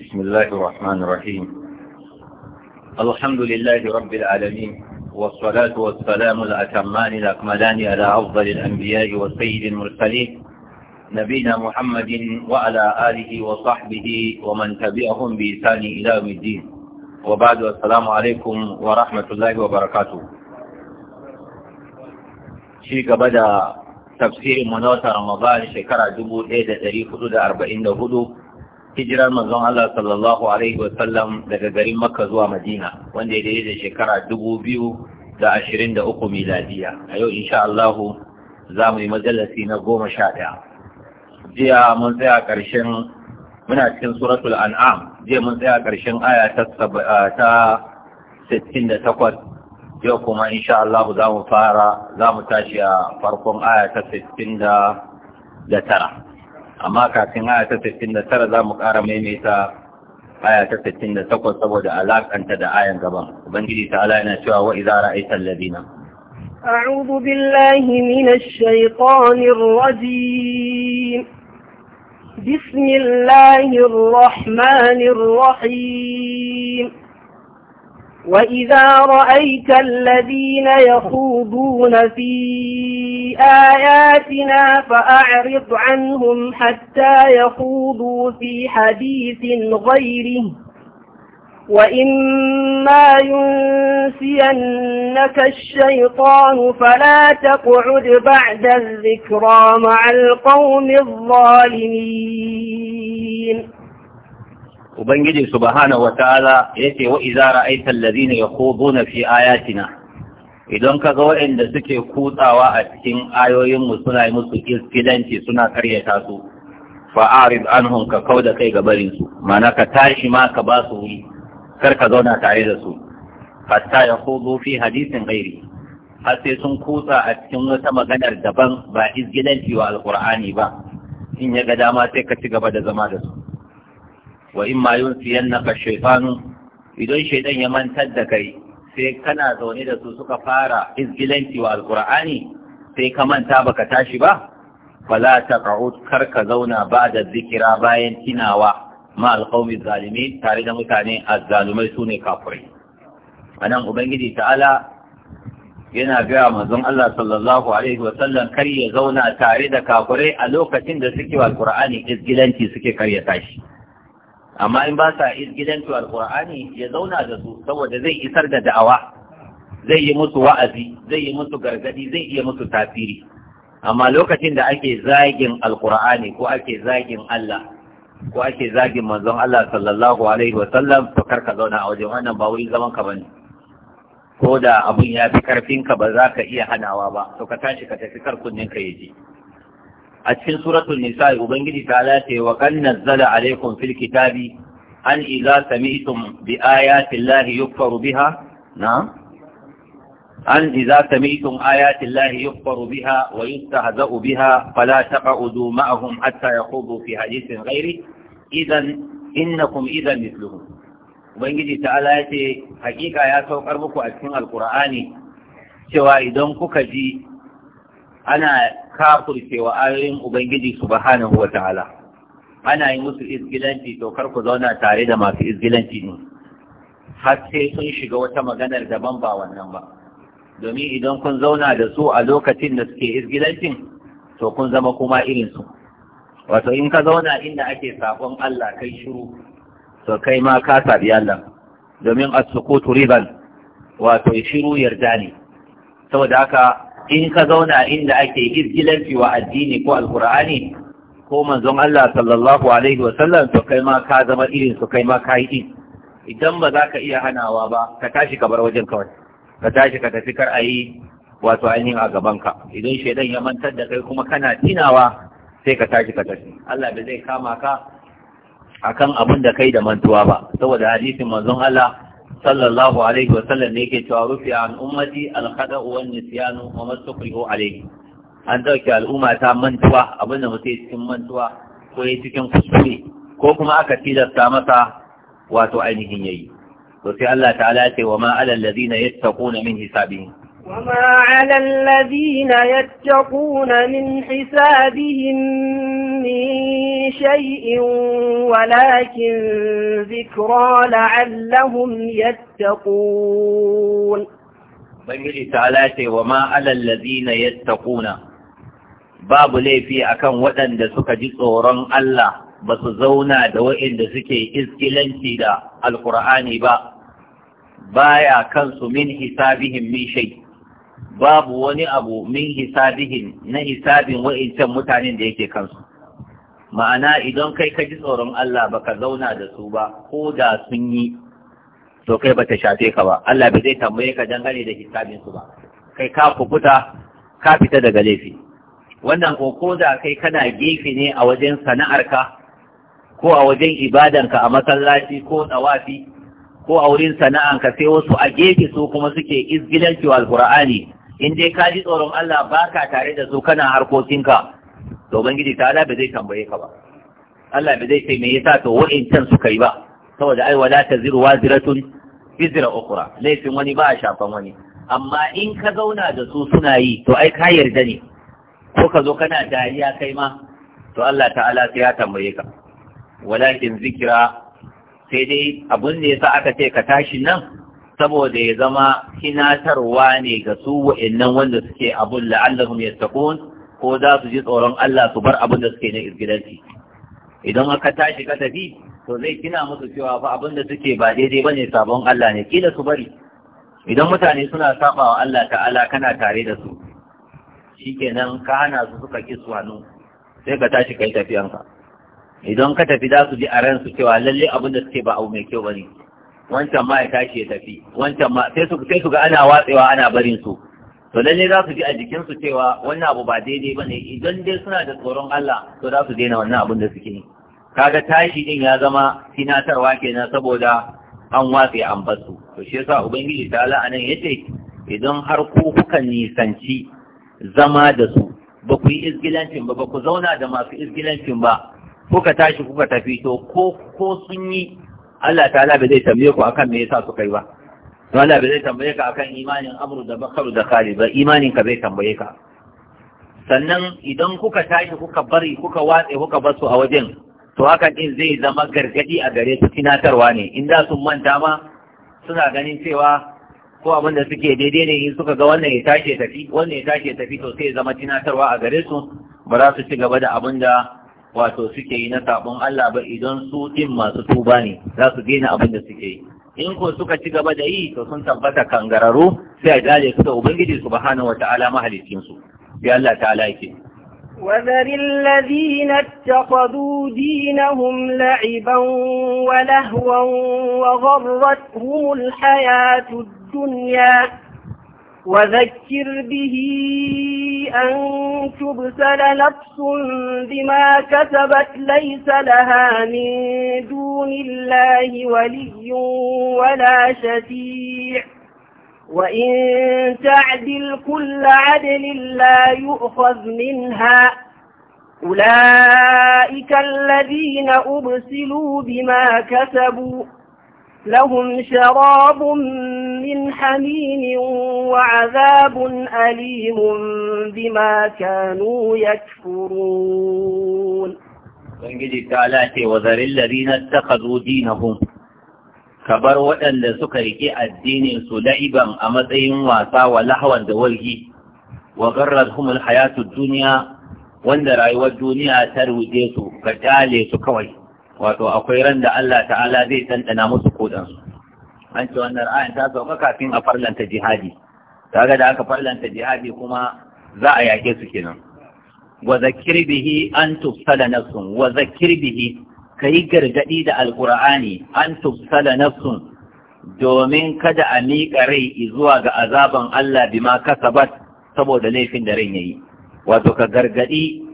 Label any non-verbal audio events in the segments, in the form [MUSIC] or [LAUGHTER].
بسم الله الرحمن الرحيم الحمد لله رب العالمين والصلاة والسلام الأتمان الأكملان على أفضل الأنبياء والسيد المرسلين نبينا محمد وعلى آله وصحبه ومن تبعهم بإسان إلى يوم الدين وبعد السلام عليكم ورحمة الله وبركاته شيك بدأ تفسير منوتة رمضان شكرا جبو إيدة تاريخ 44 hijirar manzon Allah sallallahu alaihi wasallam daga garin Makka zuwa Madina wanda ya da shekara dubu biyu da ashirin da uku miladiya a yau insha Allah za mu yi majalasi na goma sha ɗaya jiya mun tsaya ƙarshen muna cikin suratul an'am jiya mun tsaya ƙarshen aya ta sittin da takwas yau kuma insha Allah za mu fara za mu tashi a farkon aya ta sittin da tara amma kafin aya ta da za mu ƙara maimaita aya ta takwas saboda alaƙanta da ayan gaban ubangiji ta ala yana cewa wa idza ra'aita alladhina a'udhu billahi minash shaitanir rajim بسم الله الرحمن الرحيم وإذا رأيت الذين يخوضون في آياتنا فأعرض عنهم حتى يخوضوا في حديث غيره وإما ينسينك الشيطان فلا تقعد بعد الذكرى مع القوم الظالمين ubangiji subhanahu wataala yace wa idza ra'aita alladhina yakhuduna fi ayatina idan kaga waɗanda suke kutsawa a cikin ayoyin mu suna musu iskidanci suna karyata su fa'arid anhum ka kauda kai barin su ma'ana ka tashi ma ka ba su wuri kar ka zauna tare da su hatta yakhudu fi hadisin ghairi har sai sun kutsa a cikin wata maganar daban ba izgidanci wa alqur'ani ba in ya ga dama sai ka ci gaba da zama da su wa in ma naka shaifanu idan shaidan ya mantar da kai sai kana zaune da su suka fara izgilanci wa Alkur'ani, sai ka manta baka tashi ba ta taq'ud kar ka zauna da dhikra bayan tinawa ma alqawmi zalimin tare da mutane azzalumai sune kafirai anan ubangiji ta'ala yana gaya mazan Allah sallallahu alaihi wasallam kar ya zauna tare da kafirai a lokacin da suke wa Alkur'ani izgilanci suke karyata shi amma in ba sa gidanto alkur'ani ya zauna da su saboda zai isar da da'awa zai yi musu wa'azi zai yi musu gargadi zai iya musu tasiri amma lokacin da ake zagin alkur'ani ko ake zagin Allah ko ake zagin manzon Allah sallallahu alaihi wa sallam to karka zauna a wajen wannan ba wai zaman ka bane ko da abun ya fi karfinka ba za ka iya hanawa ba to ka tashi ka tafi kar kunnen ka yaje a cikin suratul nisa ubangiji ta lace wa kan nazzala alaikum fil kitabi an idza sami'tum bi ayati llahi yukfaru biha na an idza sami'tum ayati llahi yukfaru biha wa yustahza'u biha fala taq'udu ma'ahum hatta yaqudu fi hadithin ghairi idan innakum idan mithluhum ubangiji ta'ala ya ce hakika ya saukar muku a cikin alkur'ani cewa idan kuka ji ana kafurcewa ayoyin ubangiji subhanahu wa ta'ala ana yi musu izgilanci to ku zauna tare da masu izgilanci ne har sai sun shiga wata maganar daban ba wannan ba domin idan kun zauna da su a lokacin da suke izgilancin to kun zama kuma irinsu. wato in ka zauna inda ake saƙon Allah kai shiru to kai ma ka sabi Allah domin a sukutu riban wato shiru yarda ne saboda haka in ka zauna inda ake izgilanci wa addini ko alkur'ani ko manzon Allah sallallahu alaihi wasallam to kai ma ka zama irin su kai ma ka yi idan ba za ka iya hanawa ba ka tashi ka bar wajen kawai ka tashi ka tafi kar a wato ainihin a gaban ka. idan shaidan ya mantar da kai kuma kana tinawa sai ka tashi ka tafi Allah bai zai kama ka akan abin da kai da mantuwa ba saboda hadisin manzon Allah sallallahu alaihi wasallam ne yake cewa rufi an ummati alkhada'u wan nisyanu wa mastukrihu alaihi an dauke al'umma ta mantuwa abinda mutum cikin mantuwa ko ya cikin kuskure ko kuma aka tilasta masa wato ainihin yayi to sai Allah ta'ala ya ce wa ma alal ladina yattaquna min hisabihim وما على الذين يتقون من حسابهم من شيء ولكن ذكرى لعلهم يتقون بنجي تعالى وما على الذين يتقون babu laifi akan waɗanda suka ji tsoron Allah ba su zauna da waɗanda suke iskilanci da Alƙur'ani ba baya kansu min hisabihim min shai babu wani abu min hisabihin na hisabin wa'incan mutanen da yake kansu ma'ana idan kai ka ji tsoron Allah baka zauna da su ba ko da sun yi to kai ba ta shafe ka ba Allah bai zai tambaye ka dangane da hisabin su ba kai ka kubuta ka fita daga laifi wannan ko ko da kai kana gefe ne a wajen sana'arka ko a wajen ibadanka a masallaci ko tsawafi ko a wurin sana'anka sai wasu a gefe su kuma suke izgilanci wa alkur'ani in dai ka ji tsoron Allah baka tare da su kana harkokinka to ubangiji ta Allah ba zai tambaye ka ba Allah ba zai ce me yasa to wa'incan suka yi ba saboda ai wala taziru waziratun bizra ukhra laifin wani ba a shafan wani amma in ka zauna da su suna yi to ai ka yarda ne ko ka zo kana dariya kai ma to Allah ta'ala sai ya tambaye ka walakin zikira sai dai abun da yasa aka ce ka tashi nan saboda ya zama hinatarwa ne ga su wa'annan wanda suke abun la'allahum yattaqun ko za su ji tsoron Allah su bar abin da suke na izgidanci idan aka tashi ka tafi to zai kina musu cewa fa abin da suke ba daidai ba bane sabon Allah ne kila su bari idan mutane suna saba wa Allah ta'ala kana tare da su shikenan ka hana su suka ki hannu sai ka tashi kai tafiyanka idan ka tafi za su ji a ransu cewa lalle abin da suke ba abu mai kyau bane wancan ma ya tashi ya tafi wancan ma sai su sai su ga ana watsewa ana barin su to lalle za su ji a jikin su cewa wannan abu ba daidai bane idan dai suna da tsoron Allah to za su daina wannan abin da suke yi kaga tashi din ya zama tinatarwa kenan saboda an watse an basu to shi yasa ubangiji ta Allah anan yace idan har ku kuka nisanci zama da su ba ku yi izgilancin ba ba ku zauna da masu izgilancin ba kuka tashi kuka tafi to ko ko sun yi Allah ta'ala bai zai tambaye ku akan me yasa suka yi ba to Allah bai zai tambaye ka akan imanin amru da bakaru da khali ba imanin ka bai tambaye ka sannan idan kuka tashi kuka bari kuka watse kuka basu a wajen to hakan din zai zama gargadi a gare su tinatarwa ne in za su manta ma suna ganin cewa ko abin da suke daidai ne in suka ga wannan ya tashi tafi wannan ya tashi tafi to sai zama tinatarwa a gare su ba za su ci gaba da abin da wato suke yi na sabon Allah ba idan su ɗin masu tuba ne za su daina abin da suke yi in ko suka ci gaba da yi to sun tabbata kangararru sai a dale su da ubangiji subhanahu wata'ala mahalicin su sai Allah ta'ala yake وذر الذين اتخذوا دينهم لعبا ولهوا وغرتهم الحياة الدنيا وذكر به أن تبسل نفس بما كسبت ليس لها من دون الله ولي ولا شفيع وإن تعدل كل عدل لا يؤخذ منها أولئك الذين أبسلوا بما كسبوا لهم شراب من حميم وعذاب أليم بما كانوا يكفرون وانجد تعالى وذر الذين اتخذوا دينهم كبر وأن سكرك الدين سلعبا أمضي واسا ولحوا دولي وغردهم الحياة الدنيا وان رأيوا الدنيا ترويته فتالي سكويه wato akwai ran da Allah ta'ala zai tantana musu kodansu an ce wannan ra'ayin ta sauka kafin a farlanta jihadi kaga da aka farlanta jihadi kuma za a yake su kenan wa zakir bihi an tufsala nafsun wa zakir bihi kai gargadi da alqur'ani an tufsala nafsun domin kada a miƙa rai zuwa ga azaban Allah bima kasabat saboda laifin da rai yayi wato ka gargadi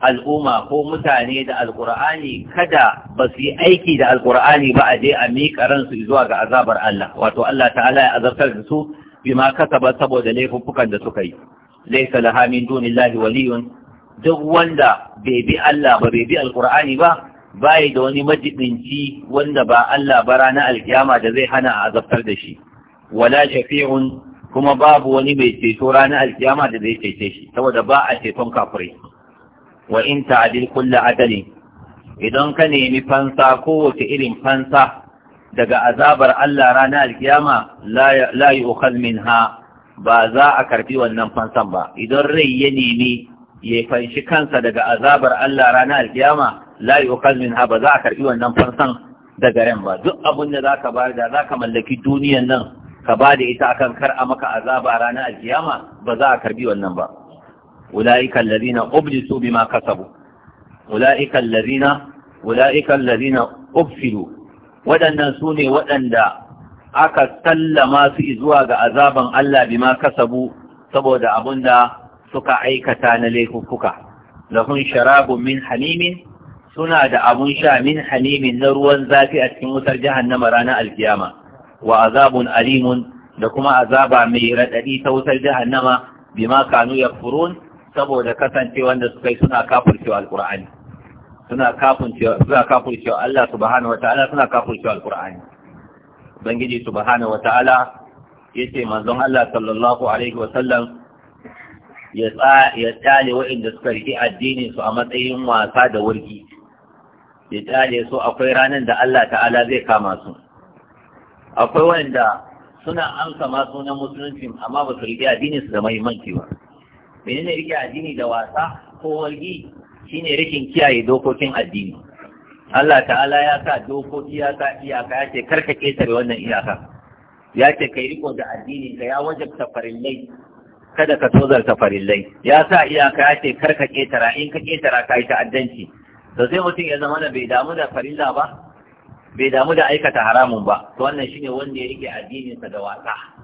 al'umma ko mutane da alƙur'ani kada ba su yi aiki da alƙur'ani ba a je a miƙa ransu zuwa ga azabar Allah wato Allah ta'ala ya azabtar da su bima kasaba saboda laifuffukan da suka yi laysa laha min dunillahi waliyun duk wanda bai bi Allah ba bai bi alƙur'ani ba bai da wani majibinci wanda ba Allah ba ranar alkiyama da zai hana a azabtar da shi wala shafi'un kuma babu wani mai ceto ranar alkiyama da zai cece shi saboda ba a ceton kafirai wa in ta'dil kullu adali, idan ka nemi fansa kowace irin fansa daga azabar Allah ranar alkiyama la yu'khadh minha ba za a karbi wannan fansan ba idan rai ya nemi ya fanshi kansa daga azabar Allah ranar alkiyama la yu'khadh minha ba za a karbi wannan fansan daga ran ba duk abin da zaka bayar da ka mallaki duniyan nan ka ba da ita akan kar a maka azaba rana alkiyama ba za a karbi wannan ba أولئك الذين أبلسوا بما كسبوا أولئك الذين أولئك الذين أبسلوا ودن سوني ودن دا أكا سلما في إزواج عذابا ألا بما كسبوا سبود أبن دا سكا عيكتان ليكم فكا لهم شراب من حميم سنا دا أبن شا من حميم نروا ذاتي أتكموتر جهنم رانا القيامة وعذاب أليم لكما عذاب ميرد أدي توتر جهنم بما كانوا يكفرون saboda kasance wanda suka yi suna kafurcewa alkur'ani suna kafurcewa suna kafurcewa Allah subhanahu wataala suna kafurcewa alkur'ani bangiji subhanahu wataala yace manzon Allah sallallahu alaihi wasallam ya tsa ya tsale waɗanda suka riki addini su a matsayin wasa da wurgi ya tsale su akwai ranar da Allah ta'ala zai kama su akwai wanda suna amsa ma sunan musulunci amma ba su riki addini su da muhimmanci ba menene rike addini da wasa ko walgi shine rikin kiyaye dokokin addini Allah ta'ala ya sa dokoki ya sa iyaka ya ce karka ketare wannan iyaka ya ce kai riko da addini ka ya wajab safarillai kada ka tozarta safarillai ya sa iyaka ya ce karka ketara in ka ketara ka yi ta'addanci to sai mutum ya zama na bai damu da farilla ba bai damu da aikata haramun ba to wannan shine wanda ya rike addininsa da wasa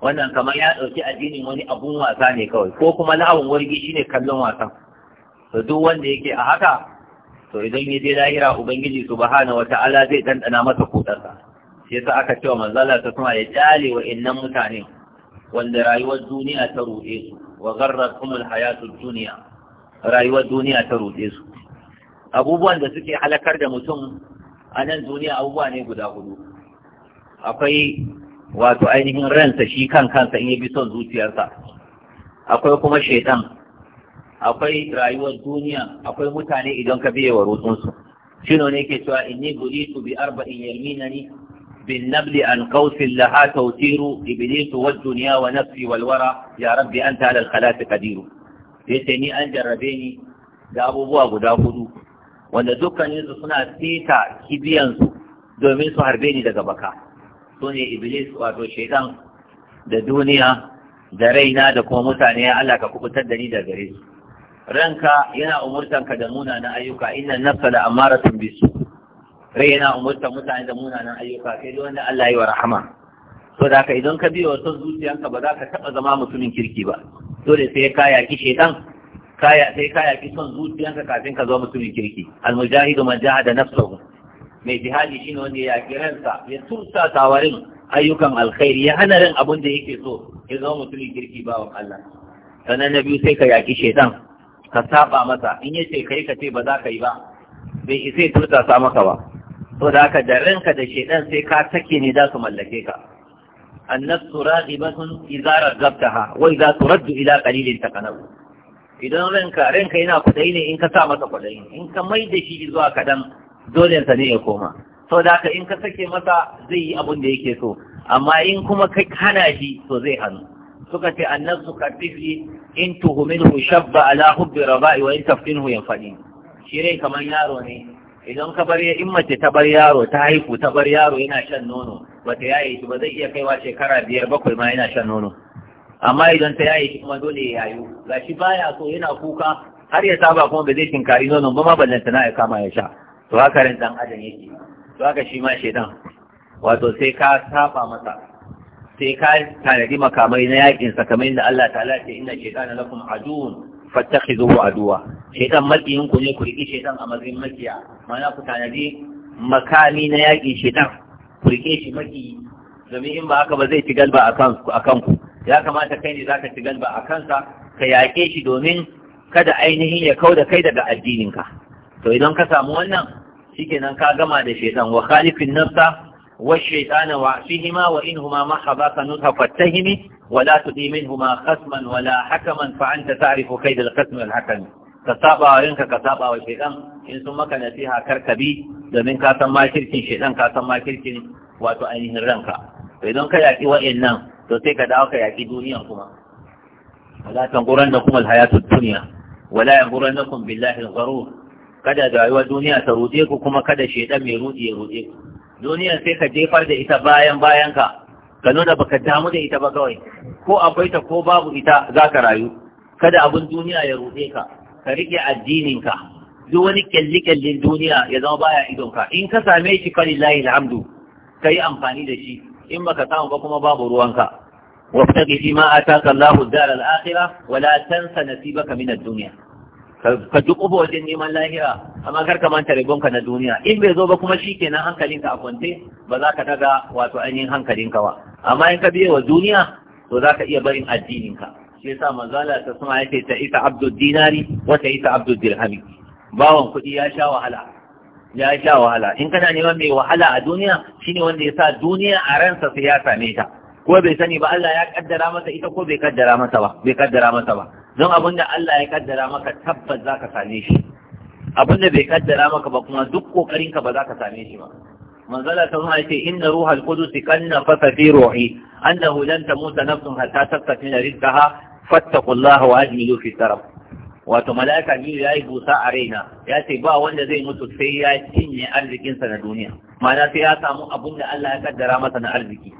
wannan kamar ya ɗauki addinin wani abun wasa ne kawai ko kuma la'awun wargi shine kallon wasan to duk wanda yake a haka to idan ya je lahira ubangiji wata ta'ala zai dandana masa kudarsa shi yasa aka cewa manzo ta kuma ya jale wa innan mutane wanda rayuwar duniya ta ruɗe su wa gharrakumul hayatud dunya rayuwar duniya ta ruɗe su abubuwan da suke halakar da mutum a nan duniya abubuwa ne guda hudu akwai wato ainihin ransa shi kan kansa in ya bi son zuciyarsa akwai kuma shaitan akwai rayuwar duniya akwai mutane idan ka biye wa rutsunsu shino ne ke cewa inni bulitu bi arba'in ni"? bin nabli an qawsin laha tawtiru iblisu wad dunya wa nafsi wal wara ya rabbi anta ala al khalas qadiru yace ni an jarrabe ni da abubuwa guda hudu wanda dukkaninsu suna sita kibiyansu domin su harbe ni daga baka su ne iblis wato shaidan da duniya da raina da kuma mutane ya Allah ka kubutar da ni da gare su ranka yana umurtan ka da munanan ayyuka inna nafsa la amaratun bisu rai yana umurtan mutane da munanan ayyuka sai da wanda Allah yi wa rahama to da ka idan ka biyo wasu zuciyanka ba za ka taba zama mutumin kirki ba dole sai ka yaki shaitan kaya sai ka yaki son zuciyanka kafin ka zo mutumin kirki al mujahidu man jahada nafsuhu mai jihadi shine wanda ya yaki ransa ya tursa tawarin ayyukan alkhairi ya hana ran abin da yake so ya zama mutumin kirki bawan Allah sanan na biyu sai ka yaki shaitan ka saba masa in ya ce kai ka ce ba za ka yi ba bai isa ya tursa sa maka ba to da haka da ranka da shaitan sai ka take ne za su mallake ka annasu raghibatun idza raggabtaha wa idza turaddu ila qalilin takanaw idan ranka ranka yana kudai ne in ka sa masa kudai in ka mai da shi zuwa kadan dole sa ne ya koma sau da haka in ka sake masa zai yi abin da yake so amma in kuma ka hana shi to zai hannu suka ce annasu katifi in hu shabba ala hubbi raba'i wa in taftinhu yanfadi shi rai kamar yaro ne idan ka bar in mace ta bar yaro ta haihu ta bar yaro yana shan nono bata yaye shi ba zai iya kaiwa shekara biyar bakwai ma yana shan nono amma idan ta yaye shi kuma dole ya yayu gashi baya so yana kuka har ya saba kuma ba zai tinkari nonon ba ma ballantana ya kama ya sha to haka ran dan adam yake to haka shi ma shedan wato sai ka saba masa sai ka tanadi makamai na yakin sa kamar inda Allah ta'ala ce inna shaytana lakum aduwwun fattakhidhuhu aduwa shedan makiyin ku ne ku riki shedan a mazin makiya mana ku tanadi makami na yakin shedan ku riki shi maki domin in ba haka ba zai ci galba a kanku ya kamata kai ne zaka ci galba a kansa ka yaƙe shi domin kada ainihin ya kauda kai daga addininka to idan ka samu wannan shikenan ka gama da shaitan wa khalifin nafsa wa shaitana wa fihima wa in huma mahabaka nutha fatahimi wa la tudi min huma khasman wa la hakaman fa anta ta'rifu kayd al khasm al hakam ka saba wa yanka ka saba wa shaitan in sun maka nasiha karkabi domin ka san makirkin shaitan ka san makirkin wato ainihin ranka to idan ka yaki wa'annan to sai ka dawo ka yaki duniya kuma wala tanquran da kuma al hayatud wala yanquran lakum billahi al gharur kada da rayuwar duniya ta ruɗe ku kuma kada shaidan mai ruɗi ya ruɗe ku duniya sai ka jefar da ita bayan bayan ka ka nuna baka damu da ita ba kawai ko akwai ta ko babu ita za ka rayu kada abin duniya ya ruɗe ka ka riƙe addinin ka duk wani kyalli kyallin duniya ya zama baya idon ka in ka same shi falillahi alhamdu ka yi amfani da shi in baka samu ba kuma babu ruwanka wabtaqi fi ma ataka Allahu ad-dar al-akhirah wa la tansa nasibaka min ad-dunya ka dukuba wajen neman lahira amma kar ka manta rigonka na duniya in bai zo ba kuma shi kenan hankalinka a kwante, ba za ka daga wato ainihin hankalinka ba amma in ka biye wa duniya to za ka iya barin addininka shi yasa manzala ta suma ya ce ta ita abdul dinari wata ita abdul dirhami bawan kuɗi ya sha wahala ya sha wahala in kana neman mai wahala a duniya Shi ne wanda ya sa duniya a ransa sai ya same ta ko bai sani ba Allah ya kaddara masa ita ko bai kaddara masa ba bai kaddara masa ba don abin da Allah ya kaddara maka tabbas za ka same shi abin da bai kaddara maka ba kuma duk kokarinka ba za ka same shi ba manzala ta zuwa ce inna ruha al-qudus kanna fasa fi ruhi annahu lan tamuta nafsun hatta na rizqaha fattaqullaha wa ajmilu fi taraf wato mala'ika biyu ya yi busa a raina ya ce ba wanda zai mutu sai ya cinye arzikinsa na duniya ma'ana sai ya samu abin da Allah ya kaddara masa na arziki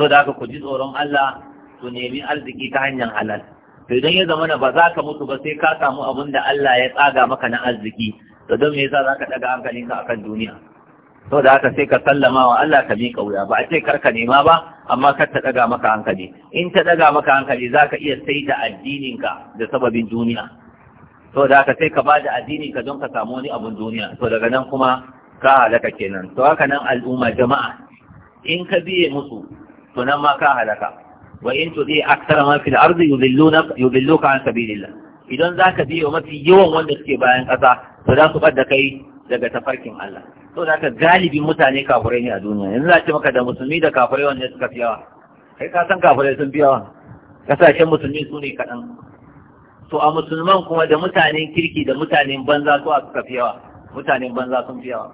to da haka ku ji tsoron Allah su nemi arziki ta hanyar halal to idan ya zama na ba za ka mutu ba sai ka samu abin da Allah ya tsaga maka na arziki to don me yasa za ka daga ka akan duniya to da haka sai ka sallama wa Allah ka miƙa wuya ba a ce karka nema ba amma kar ta daga maka hankali in ta daga maka hankali za ka iya saita addininka da sababin duniya to da haka sai ka ba da addininka don ka samu wani abun duniya to daga nan kuma ka halaka kenan to haka nan al'umma jama'a in ka biye musu to nan ma ka halaka wa in tudi akthara ma fil ardi yudilluna yudilluka an sabilillah idan zaka biyo mafi yawan wanda suke bayan kasa to za su bada kai daga tafarkin Allah to da ka galibin mutane kafirai ne a duniya yanzu za ce maka da musulmi da kafirai wanda suka fi yawa kai ka san kafirai sun fi yawa kasashen musulmi su ne kaɗan to a musulman kuma da mutanen kirki da mutanen banza su a suka fi yawa mutanen banza sun fi yawa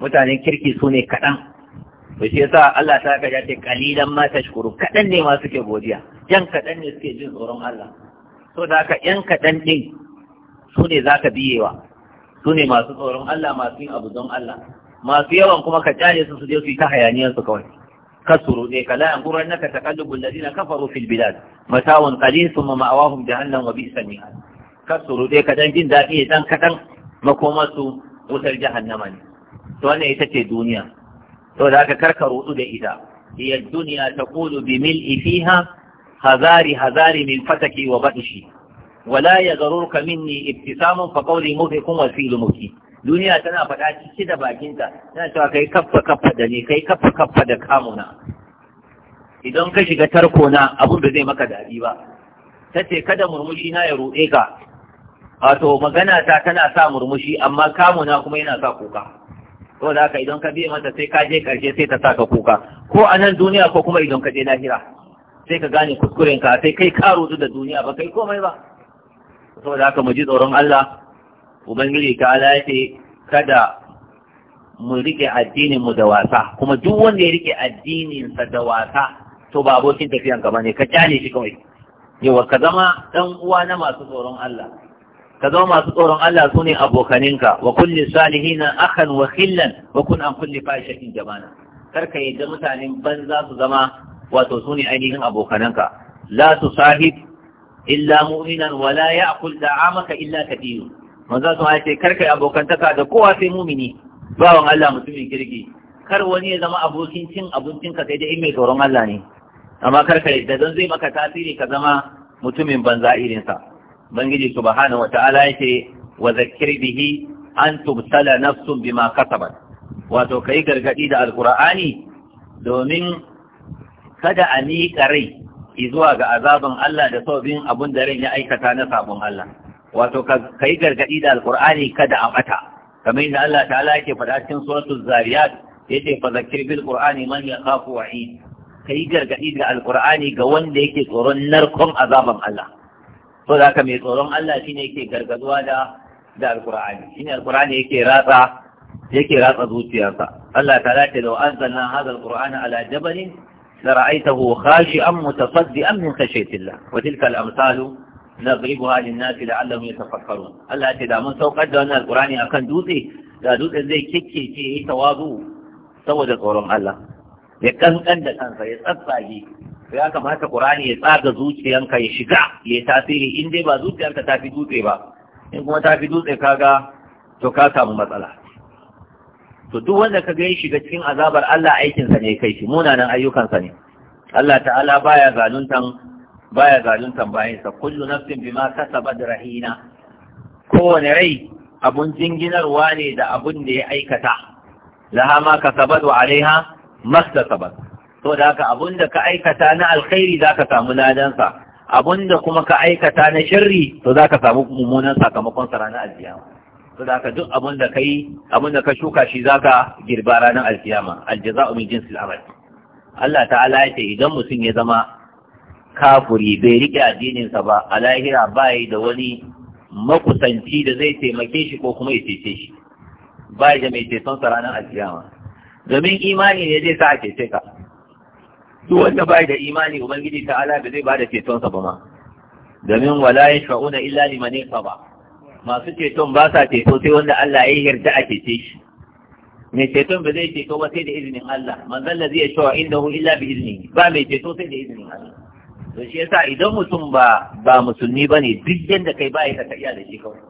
mutanen kirki su ne kaɗan ba shi yasa Allah ta kaja ce kalilan ma tashkuru kadan ne ma suke godiya yan kadan ne suke jin tsoron Allah to da ka yan kadan din su ne za ka biyewa su ne masu tsoron Allah masu yin abu don Allah masu yawan kuma ka kyale su su je su yi ta hayaniyar su kawai kasuru ne kala an gurar naka kallubu ladina kafaru fil bilad mata'un qalil thumma ma'awahum jahannam wa bi'sa mihad kasuru dai kadan jin daɗi dan kadan makomarsu wutar jahannama ne to wannan ita ce duniya to da ka karka rudu da ita hiya duniya ta bi mil'i fiha hazari hazari min fataki wa badishi wala yaghurruka minni ibtisamun fa qawli mufiqun wasilu lumuki. duniya tana faɗa ciki da bakinta tana cewa kai kaffa kaffa da ni kai kaffa kaffa da kamuna idan ka shiga tarko na abin da zai maka daɗi ba ta ce kada murmushi na ya ruɗe ka wato magana ta tana sa murmushi amma kamuna kuma yana sa kuka to haka idan ka biye mata sai ka je karshe sai ta saka kuka ko a nan duniya ko kuma idan ka je lahira sai ka gane kuskuren ka sai kai ka da duniya ba kai komai ba saboda haka mu ji tsoron Allah ubangiji ka ala ce kada mu rike addinin mu da wasa kuma duk wanda ya rike addinin sa da wasa to ba abokin tafiyan ka bane ka kyale shi kawai yawa ka zama dan uwa na masu tsoron Allah ka zama masu tsoron Allah su ne abokaninka wa kulli salihina akan wa khillan wa kun an kulli fashirin jamana kar ka yi da mutanen banza su zama wato su ne ainihin abokananka la su sahib illa mu'minan wa la ya'kul da'amaka illa kadiru manzo sun ce kar ka yi abokantaka da kowa sai mumini bawan Allah mutumin kirki kar wani ya zama abokin cin abincinka sai dai in mai tsoron Allah ne amma kar ka yadda don zai maka tasiri ka zama mutumin banza irinsa ubangiji subhanahu wata'ala yake wa zakkir bihi an tubtala nafsun bima kasabat wato kai gargadi da alqur'ani domin kada a miƙa rai zuwa ga azabin Allah da sabbin abun da rai ya aikata na sabon Allah wato kai gargadi da alqur'ani kada a bata kamar yadda Allah ta'ala yake faɗa cikin suratul zariyat yace fa zakkir bil qur'ani man yakhafu wa'id kai gargadi da alqur'ani ga wanda yake tsoron narkon azaban Allah so da haka mai tsoron Allah ne yake gargaduwa da da alqur'ani shine alqur'ani yake ratsa yake ratsa zuciyarsa Allah ta ce da anzalna hadha alqur'ana ala jabalin la ra'aytahu khashi'an mutasaddian min khashyatillah wa tilka al-amsalu nadribuha lin-nasi la'allahum yatafakkarun Allah ce da mun saukar da wannan alqur'ani akan dutse da dutse zai kikkece yi tawazu saboda tsoron Allah ya kankan da kansa ya tsatsage ya kamata ƙur'ani ya tsaga zuciyanka ya shiga ya yi tasiri in dai ba zuciyanka ta fi dutse ba in kuma ta fi dutse kaga to ka samu matsala to duk wanda ka ga shiga cikin azabar Allah aikinsa ne kai shi munanan ayyukansa ne Allah ta'ala baya zaluntan baya zaluntan bayansa kullu nafsin bima kasabat rahina kowane rai abun jinginarwa ne da abun da ya aikata laha ma kasabat wa alaiha mastasabat to da haka abunda ka aikata na alkhairi za ka samu ladansa abunda kuma ka aikata na shirri to za ka samu mummunan sakamakon sa ranar alfiyama. to da ka duk abunda kai abunda ka shuka shi za ka girba ranar alfiyama, aljaza'u min jinsil amal Allah ta'ala ya ce idan mutum ya zama kafuri bai rike addinin sa ba a lahira bai da wani makusanci da zai taimake shi ko kuma ya cece shi bai da mai ceton sa ranar alfiyama. domin imani ne zai sa a cece ka duk wanda bai da imani ubangiji ta'ala ba zai bada ceton sa ba ma domin wala yashfa'una illa liman yasaba masu ceton ba sa ceto sai wanda Allah ya yarda a cece shi mai ceton ba zai ceto ba sai da izinin Allah manzon lazi ya shawa indahu illa bi iznihi ba mai ceto sai da izinin Allah to shi yasa idan mutum ba ba musulmi bane duk yanda kai ba ya ka iya da shi kawai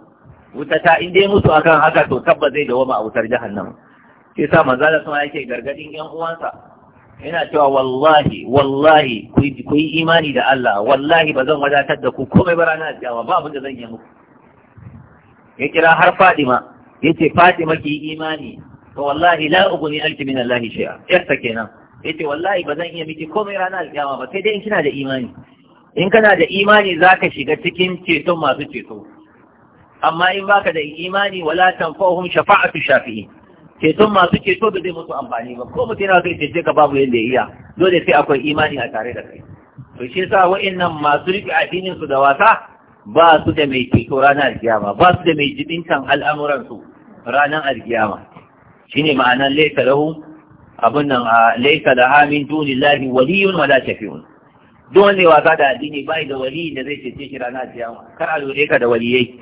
wuta ta in dai mutu akan haka to tabba zai ma a wutar jahannama sai sa manzon Allah sama yake gargadin yan uwansa yana cewa wallahi wallahi ku yi imani da Allah wallahi ba zan wadatar da ku komai ba ranar kiyama ba abin da zan yi muku ya kira har ya ce Fatima ki imani to wallahi la uguni alki min Allah shay'a yarta kenan ce wallahi ba zan iya miki komai ranar kiyama ba sai dai in kina da imani in kana da imani za ka shiga cikin ceton masu ceto amma in baka da imani wala tanfa'uhum shafa'atu shafi'in ceton masu ceto da zai mutu amfani ba ko mutum yana kai cece ka babu yadda ya iya dole sai akwai imani a tare da kai to shi yasa wa'annan masu riƙe addinin su da wasa ba su da mai ceto ranar alkiyama ba su da mai jibintan al'amuran su ranar alkiyama shine ma'anar laika lahu abun nan laika da hamin lahi waliyun wala shafi'un duk wanda ya wasa da addini bai da wali da zai cece shi ranar alkiyama kar a lura ka da waliyai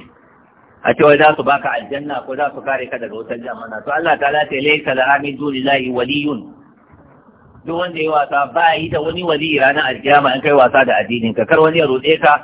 a cewa za su baka aljanna ko za su kare ka daga wutar jamana to Allah ta ta laysa la min dunillahi waliyun duk wanda ya wasa ba yi da wani wali ranar aljama in kai wasa da addinin ka kar wani ya roɗe ka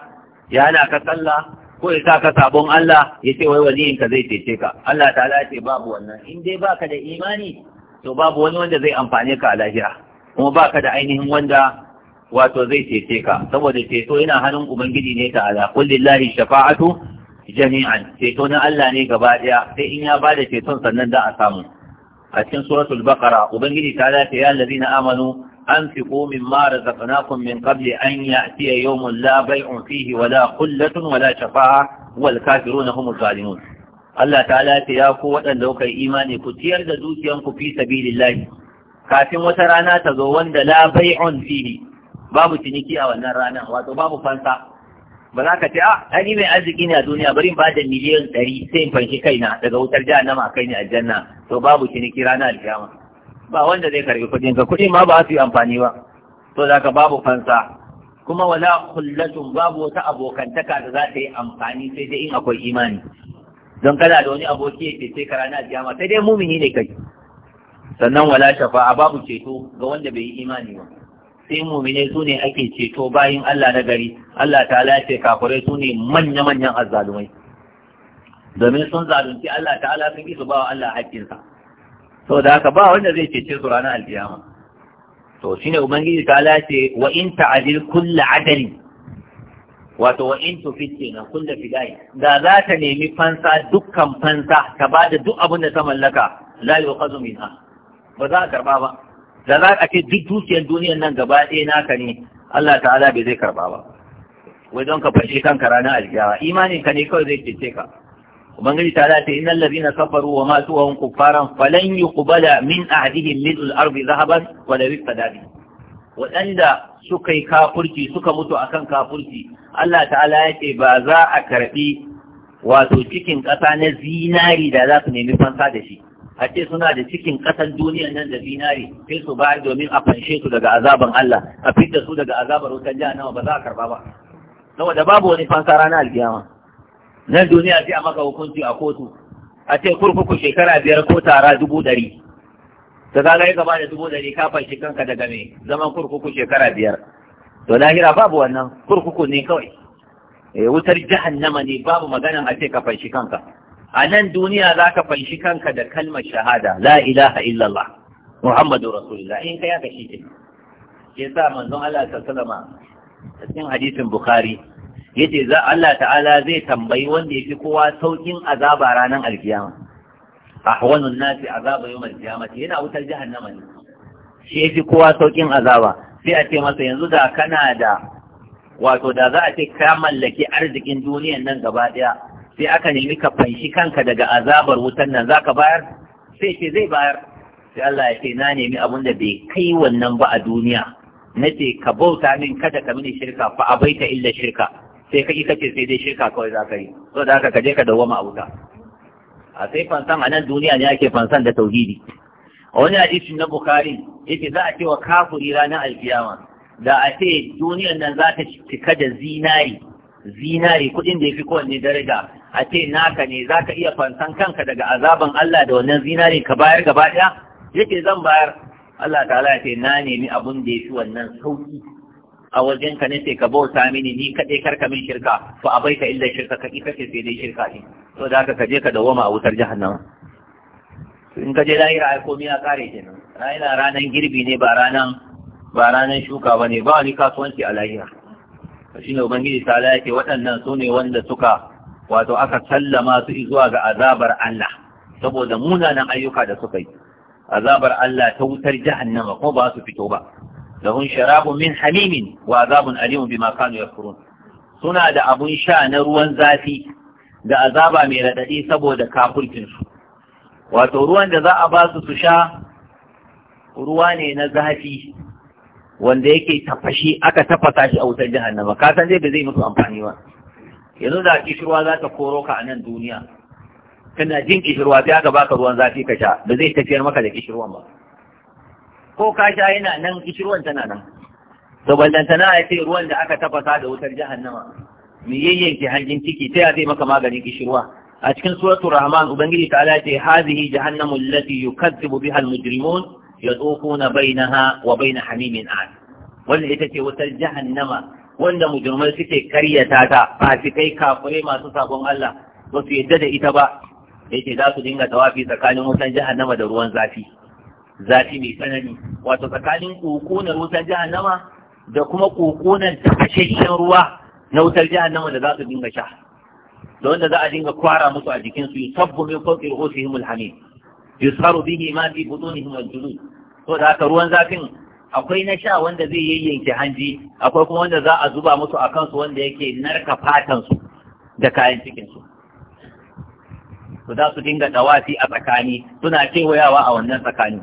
ya hana ka sallah ko ya saka ka sabon Allah ya ce wai waliyin ka zai cece ka Allah ta ce babu wannan in dai baka da imani to babu wani wanda zai amfane ka a lahira kuma baka da ainihin wanda wato zai cece ka saboda ceto yana hannun ubangiji ne ta'ala kullillahi shafa'atu jami'an ceto na Allah ne gaba daya sai in ya ba da ceton sannan da a samu a cikin suratul baqara ubangiji ta dace ya allazina amanu anfiqu mimma razaqnakum min qabli an ya'tiya yawmun la bay'un fihi wala qullatun wala shafa'a wal kafiruna humuz zalimun Allah ta'ala ce ya ku waɗanda kuka yi imani ku ciyar da dukiyanku fi sabilillahi kafin wata rana ta zo wanda la bay'un fihi babu ciniki a wannan ranar wato babu fansa ba za ka ce a ah, ani mai arziki ne a duniya bari in bada miliyan ɗari sai in fanshi kaina daga wutar ma kai a aljanna to babu kira na alkiyama ba wanda zai karbi kuɗin ka kuɗin ma ba su yi amfani ba to za ka babu fansa kuma wala kullatun babu wata abokantaka da za ta yi amfani sai dai in akwai imani don kana da wani aboki ya ce sai ka ranar alkiyama sai dai mumini ne kai sannan wala shafa'a babu ceto ga wanda bai yi imani ba sai mumine su ne ake ceto bayan Allah na gari Allah ta lace kafirai su ne manya-manyan azzalumai domin sun zalunci Allah ta'ala sun isu ba wa Allah haƙƙinsa sau da haka ba wanda zai cece su ranar alƙiyama to ne ubangiji ta lace wa in ta'adil kulla adali wato wa in tufi na kulla fidai da za ta nemi fansa dukkan fansa ta ba da duk abin da ta mallaka la yuqazu minha ba za a karɓa ba da za a ce duk dukiyar duniyar nan gaba ɗaya naka ne Allah ta'ala bai zai karɓa ba wai don ka fashe kanka ranar aljiyawa imanin ka ne kawai zai cece ka ubangiji ta ce innal ladina kafaru wa masu wa hum kuffaran falan min ahadihim mithlu al-ardi dhahaban wa law iftadabi waɗanda suka yi kafurci suka mutu akan kafurci Allah ta'ala ya ce ba za a karɓi wato cikin ƙasa na zinari da za su nemi fansa da shi a ce suna da cikin ƙasan duniya nan da zinari sai su bayar domin a fanshe su daga azaban Allah a fitar su daga azabar wutan nawa ba za a karba ba saboda babu wani fansa ranar alkiyama nan duniya sai a maka hukunci a kotu a ce kurkuku shekara biyar ko tara dubu ɗari ta zaga ya gaba da dubu ɗari ka fanshe kanka daga mai zaman kurkuku shekara biyar to lahira babu wannan kurkuku ne kawai eh, wutar jahannama ne babu maganan a ce ka fanshi kanka a nan duniya za ka fanshi kanka da kalmar shahada la ilaha illallah muhammadu rasulullah in ka yaka shi ke ke sa manzon Allah ta salama a cikin hadisin bukhari ya ce za Allah ta'ala zai tambayi wanda ya fi kowa saukin azaba ranar alkiyama ahwanun nasi azaba yau alkiyama yana wutar jahannama ne shi ya fi kowa saukin azaba sai a ce masa yanzu da kana da wato da za a ce ka mallaki arzikin duniyan nan gaba daya sai aka nemi ka fanshi kanka daga azabar wutan nan zaka bayar sai ce zai bayar sai Allah ya ce na nemi abin da bai kai wannan ba a duniya na ce ka bauta min kada ka mini shirka fa abaita illa shirka sai ka ita ce sai dai shirka kawai za ka yi so da haka ka je ka dawwama a wuta a sai fansan a nan duniya ne ake fansan da tauhidi a wani hadisi na bukhari yake za a ce wa kafuri ranar alkiyama da a ce duniyar nan za ta cika da zinari zinari kuɗin da ya fi kowanne daraja a ce naka ne za ka iya fansan kanka daga azaban Allah da wannan zinari ka bayar gaba ɗaya yake zan bayar Allah Ta ya ce na nemi abun da ya fi wannan sauki a wajen ka nace ka bauta mini ni kaɗai karka min shirka fa ka illa shirka ka ita ce sai dai shirka ne to da haka ka je ka dawoma a wutar jahannama in ka je lahira ai komai ya kare kenan lahira ranan girbi ne ba ranan ba ranan shuka ba ne ba wani kasuwanci a lahira shi ne ubangiji ta ce waɗannan su ne wanda suka wato aka sallama su zuwa ga azabar Allah saboda munanan ayyuka da suka yi azabar Allah ta wutar jahannama ko ba su fito ba lahun sharabun min hamimin wa azabun alimun bima kanu suna da abun sha na ruwan zafi da azaba mai radadi saboda kafurkin su wato ruwan da za a ba su su sha ruwa ne na zafi wanda yake tafashi aka tafasa shi a wutar jahannama ka san zai zai musu amfani ba yanzu da kishirwa za ta koro ka a nan duniya kana jin kishirwa sai aka baka ruwan zafi ka sha ba zai tafiyar maka da kishirwan ba ko ka sha yana nan kishirwan tana nan to ballantana ya ce ruwan da aka tafasa da wutar jahannama me yayyanke hanjin ciki ta ya zai maka maganin kishirwa a cikin suratul rahman ubangiji ta ce hazihi jahannamu allati yukazzibu biha almujrimun yadukuna bainaha wa bain hamimin an wannan ita ce wutar jahannama wanda mujrimai suke karyata ta kai kafirai masu sabon Allah ba su yadda da ita ba yake za su dinga tawafi tsakanin wutan jahannama da ruwan zafi zafi mai tsanani wato tsakanin kokonar wutan jahannama da kuma kokonar tafashashen ruwa na wutar jahannama da za su dinga sha da wanda za a dinga kwara musu a jikin su yusabbu min fawqi ruhusihim alhamim yusharu bihi ma fi butunihim jirgin. to da haka ruwan zafin akwai na sha wanda zai yayyanke hanji akwai kuma wanda za a zuba musu a kansu wanda yake narka fatansu da kayan cikinsu su za su dinga dawasi a tsakani suna kewayawa a wannan tsakani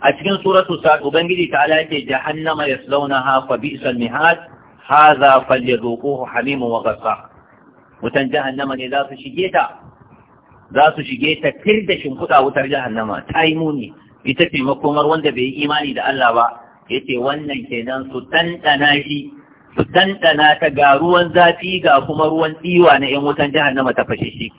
a cikin suratu sa ubangiji ta ala yake jahannama yaslaunaha fa bi'sal mihad hadha falyazuquhu hamimun wa wutan jahannama ne za su shige ta za su shige ta tir da shimfiɗa wutar jahannama ta yi muni ita ce makomar wanda bai yi imani da Allah ba yace wannan kenan su tantana shi su tantana ta ga ruwan zafi ga kuma ruwan tsiwa na yan wutan jahannama ta shi.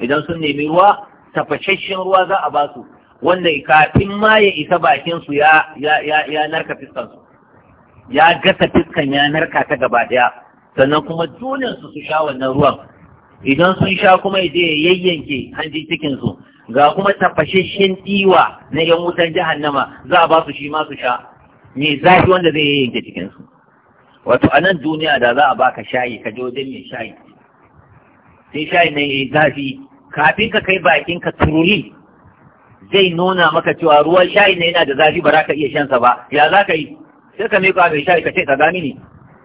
idan sun nemi ruwa tafashashen ruwa za a basu wanda kafin ma ya isa bakin su ya ya ya narka fiskan su ya gasa fiskan ya narka ta gaba daya sannan kuma dunin su su sha wannan ruwan idan sun sha kuma ya je ya yayyanke hanji cikin su ga kuma tafashashen tiwa na yan wutan jahannama za a ba su shi ma su sha mai zafi wanda zai yanke cikinsu wato a nan duniya da za a baka shayi ka je wajen mai shayi sai shayi nan ya yi zafi kafin ka kai bakin ka tururi zai nuna maka cewa ruwan shayi na yana da zafi ba za ka iya shansa ba ya za ka yi sai ka miƙa mai shayi ka ce ka gani ne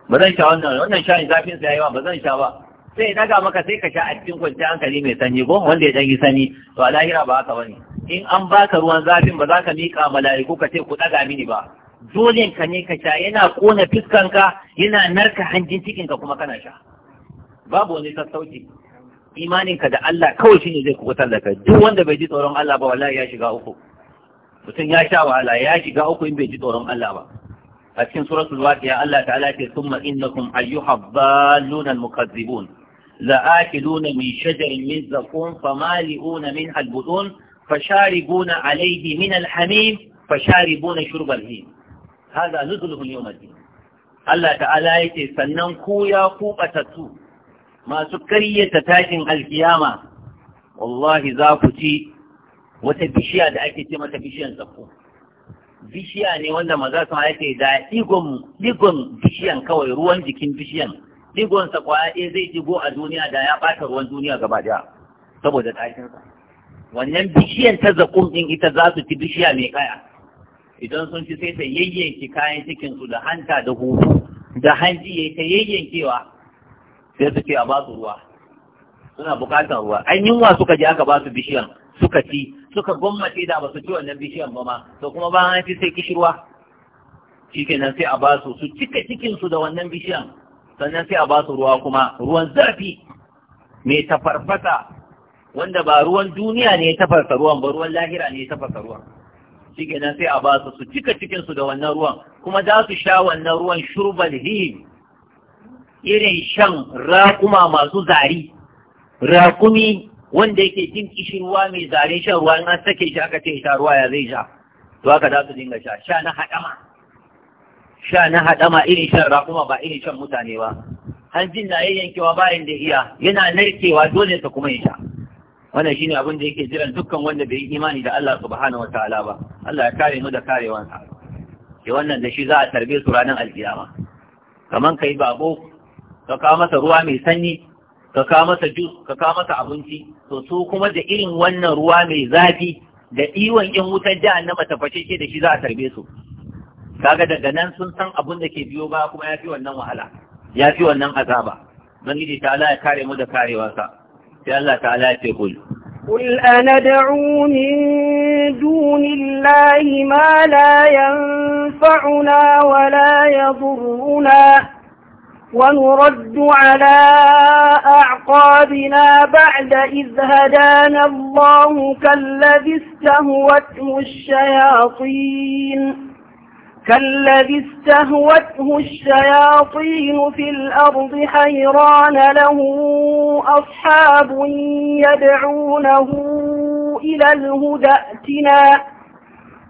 ba zan sha wannan wannan shayin zafin sa yawa ba zan sha ba sai daga maka sai ka sha a cikin kwanciyar hankali mai sanyi ko wanda ya dangi sanyi to a lahira ba haka bane in an baka ruwan zafin ba za ka miƙa mala'iku ka ce ku ɗaga mini ba dole ka ne ka sha yana kona fiskanka yana narka hanjin cikinka kuma kana sha babu wani sassauci imaninka da Allah kawai shine zai kubutar da duk wanda bai ji tsoron Allah ba wallahi ya shiga uku mutum ya sha wahala ya shiga uku in bai ji tsoron Allah ba a cikin suratul waqi'a Allah ta'ala ce summa innakum ayyuha dhalluna al-mukazzibun la'akiluna min shajarin min zaqum famali'una minha al-budun fasharibuna alayhi min al-hamim fasharibuna shurba haza nuzuluhum yawmal Allah ta'ala yake sannan ku ya ku batattu masu karyata tashin alkiyama wallahi za ku ci wata bishiya da ake ce mata bishiyan zakko bishiya ne wanda maza sun yake da digon digon bishiyan kawai ruwan jikin bishiyan digon sa kwaya ɗaya zai digo a duniya da ya ɓata ruwan duniya gaba ɗaya saboda tashin sa wannan bishiyan ta zakun din ita za su ci bishiya mai kaya idan sun ci sai ta yayyanki kayan cikinsu da hanta da hutu da hanji ya ta yayyankewa sai suke a basu ruwa suna bukatar ruwa an yunwa suka je aka basu bishiyan suka ci suka gwammace da basu ci wannan bishiyan ba ma to kuma ba an ci sai kishirwa shikenan sai a basu su cika cikinsu da wannan bishiyan sannan sai a basu ruwa kuma ruwan zafi mai tafarfata. wanda ba ruwan duniya ne ya tafarsa ruwan ba ruwan lahira ne ya tafarsa ruwan nan sai a ba su su cika cikin da wannan ruwan kuma za su sha wannan ruwan shurbal hin irin shan raƙuma masu zari raƙumi wanda yake jin kishirwa mai zare shan ruwa in an sake shi aka ce sha ruwa ya zai sha to haka za su dinga sha sha na haɗama sha na haɗama irin shan raƙuma ba irin shan mutane ba hanjin na yayyankewa bayan da iya yana narkewa dole ta kuma ya sha wannan shine abin da yake jiran dukkan wanda bai yi imani da Allah subhanahu wataala ba Allah ya kare mu da karewansa ke wannan da shi za a tarbe su ranar alkiyama kaman kai babo ka kawo masa ruwa mai sanyi ka kawo masa jus ka kawo masa abinci to su kuma da irin wannan ruwa mai zafi da iwon in wutar annaba ta fashe da shi za a tarbe su kaga daga nan sun san abin da ke biyo ba kuma ya fi wannan wahala ya fi wannan azaba don gidi ta Allah ya kare mu da sa sai Allah ta'ala ya ce قل أندعو من دون الله ما لا ينفعنا ولا يضرنا ونرد على أعقابنا بعد إذ هدانا الله كالذي استهوته الشياطين كالذي استهوته الشياطين في الأرض حيران له أصحاب يدعونه إلى الهدى ائتنا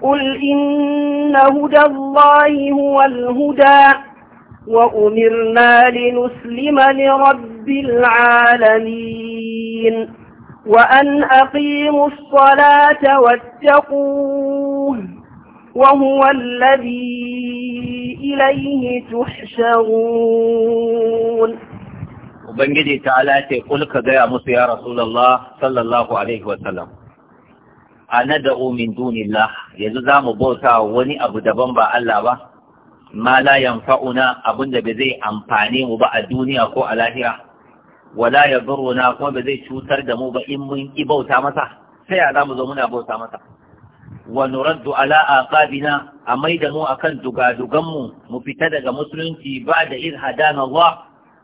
قل إن هدى الله هو الهدى وأمرنا لنسلم لرب العالمين وأن أقيموا الصلاة واتقوه وهو الذي إليه تحشرون Ubangiji ta'ala ce, Kul ka gaya musu ya rasu sallallahu Alaihi wasallam, a na da umin dunillah, yanzu za mu bauta wani abu daban ba Allah ba, ma la yanfa'una abin da ba zai amfane mu ba a duniya ko a lahira, wala ya na kuma ba cutar da mu ba in mun ki bauta masa, sai ya za mu zo muna bauta masa. wa nuraddu ala aqabina a maida mu akan dugadugan mu mu fita daga musulunci ba da iz hadana Allah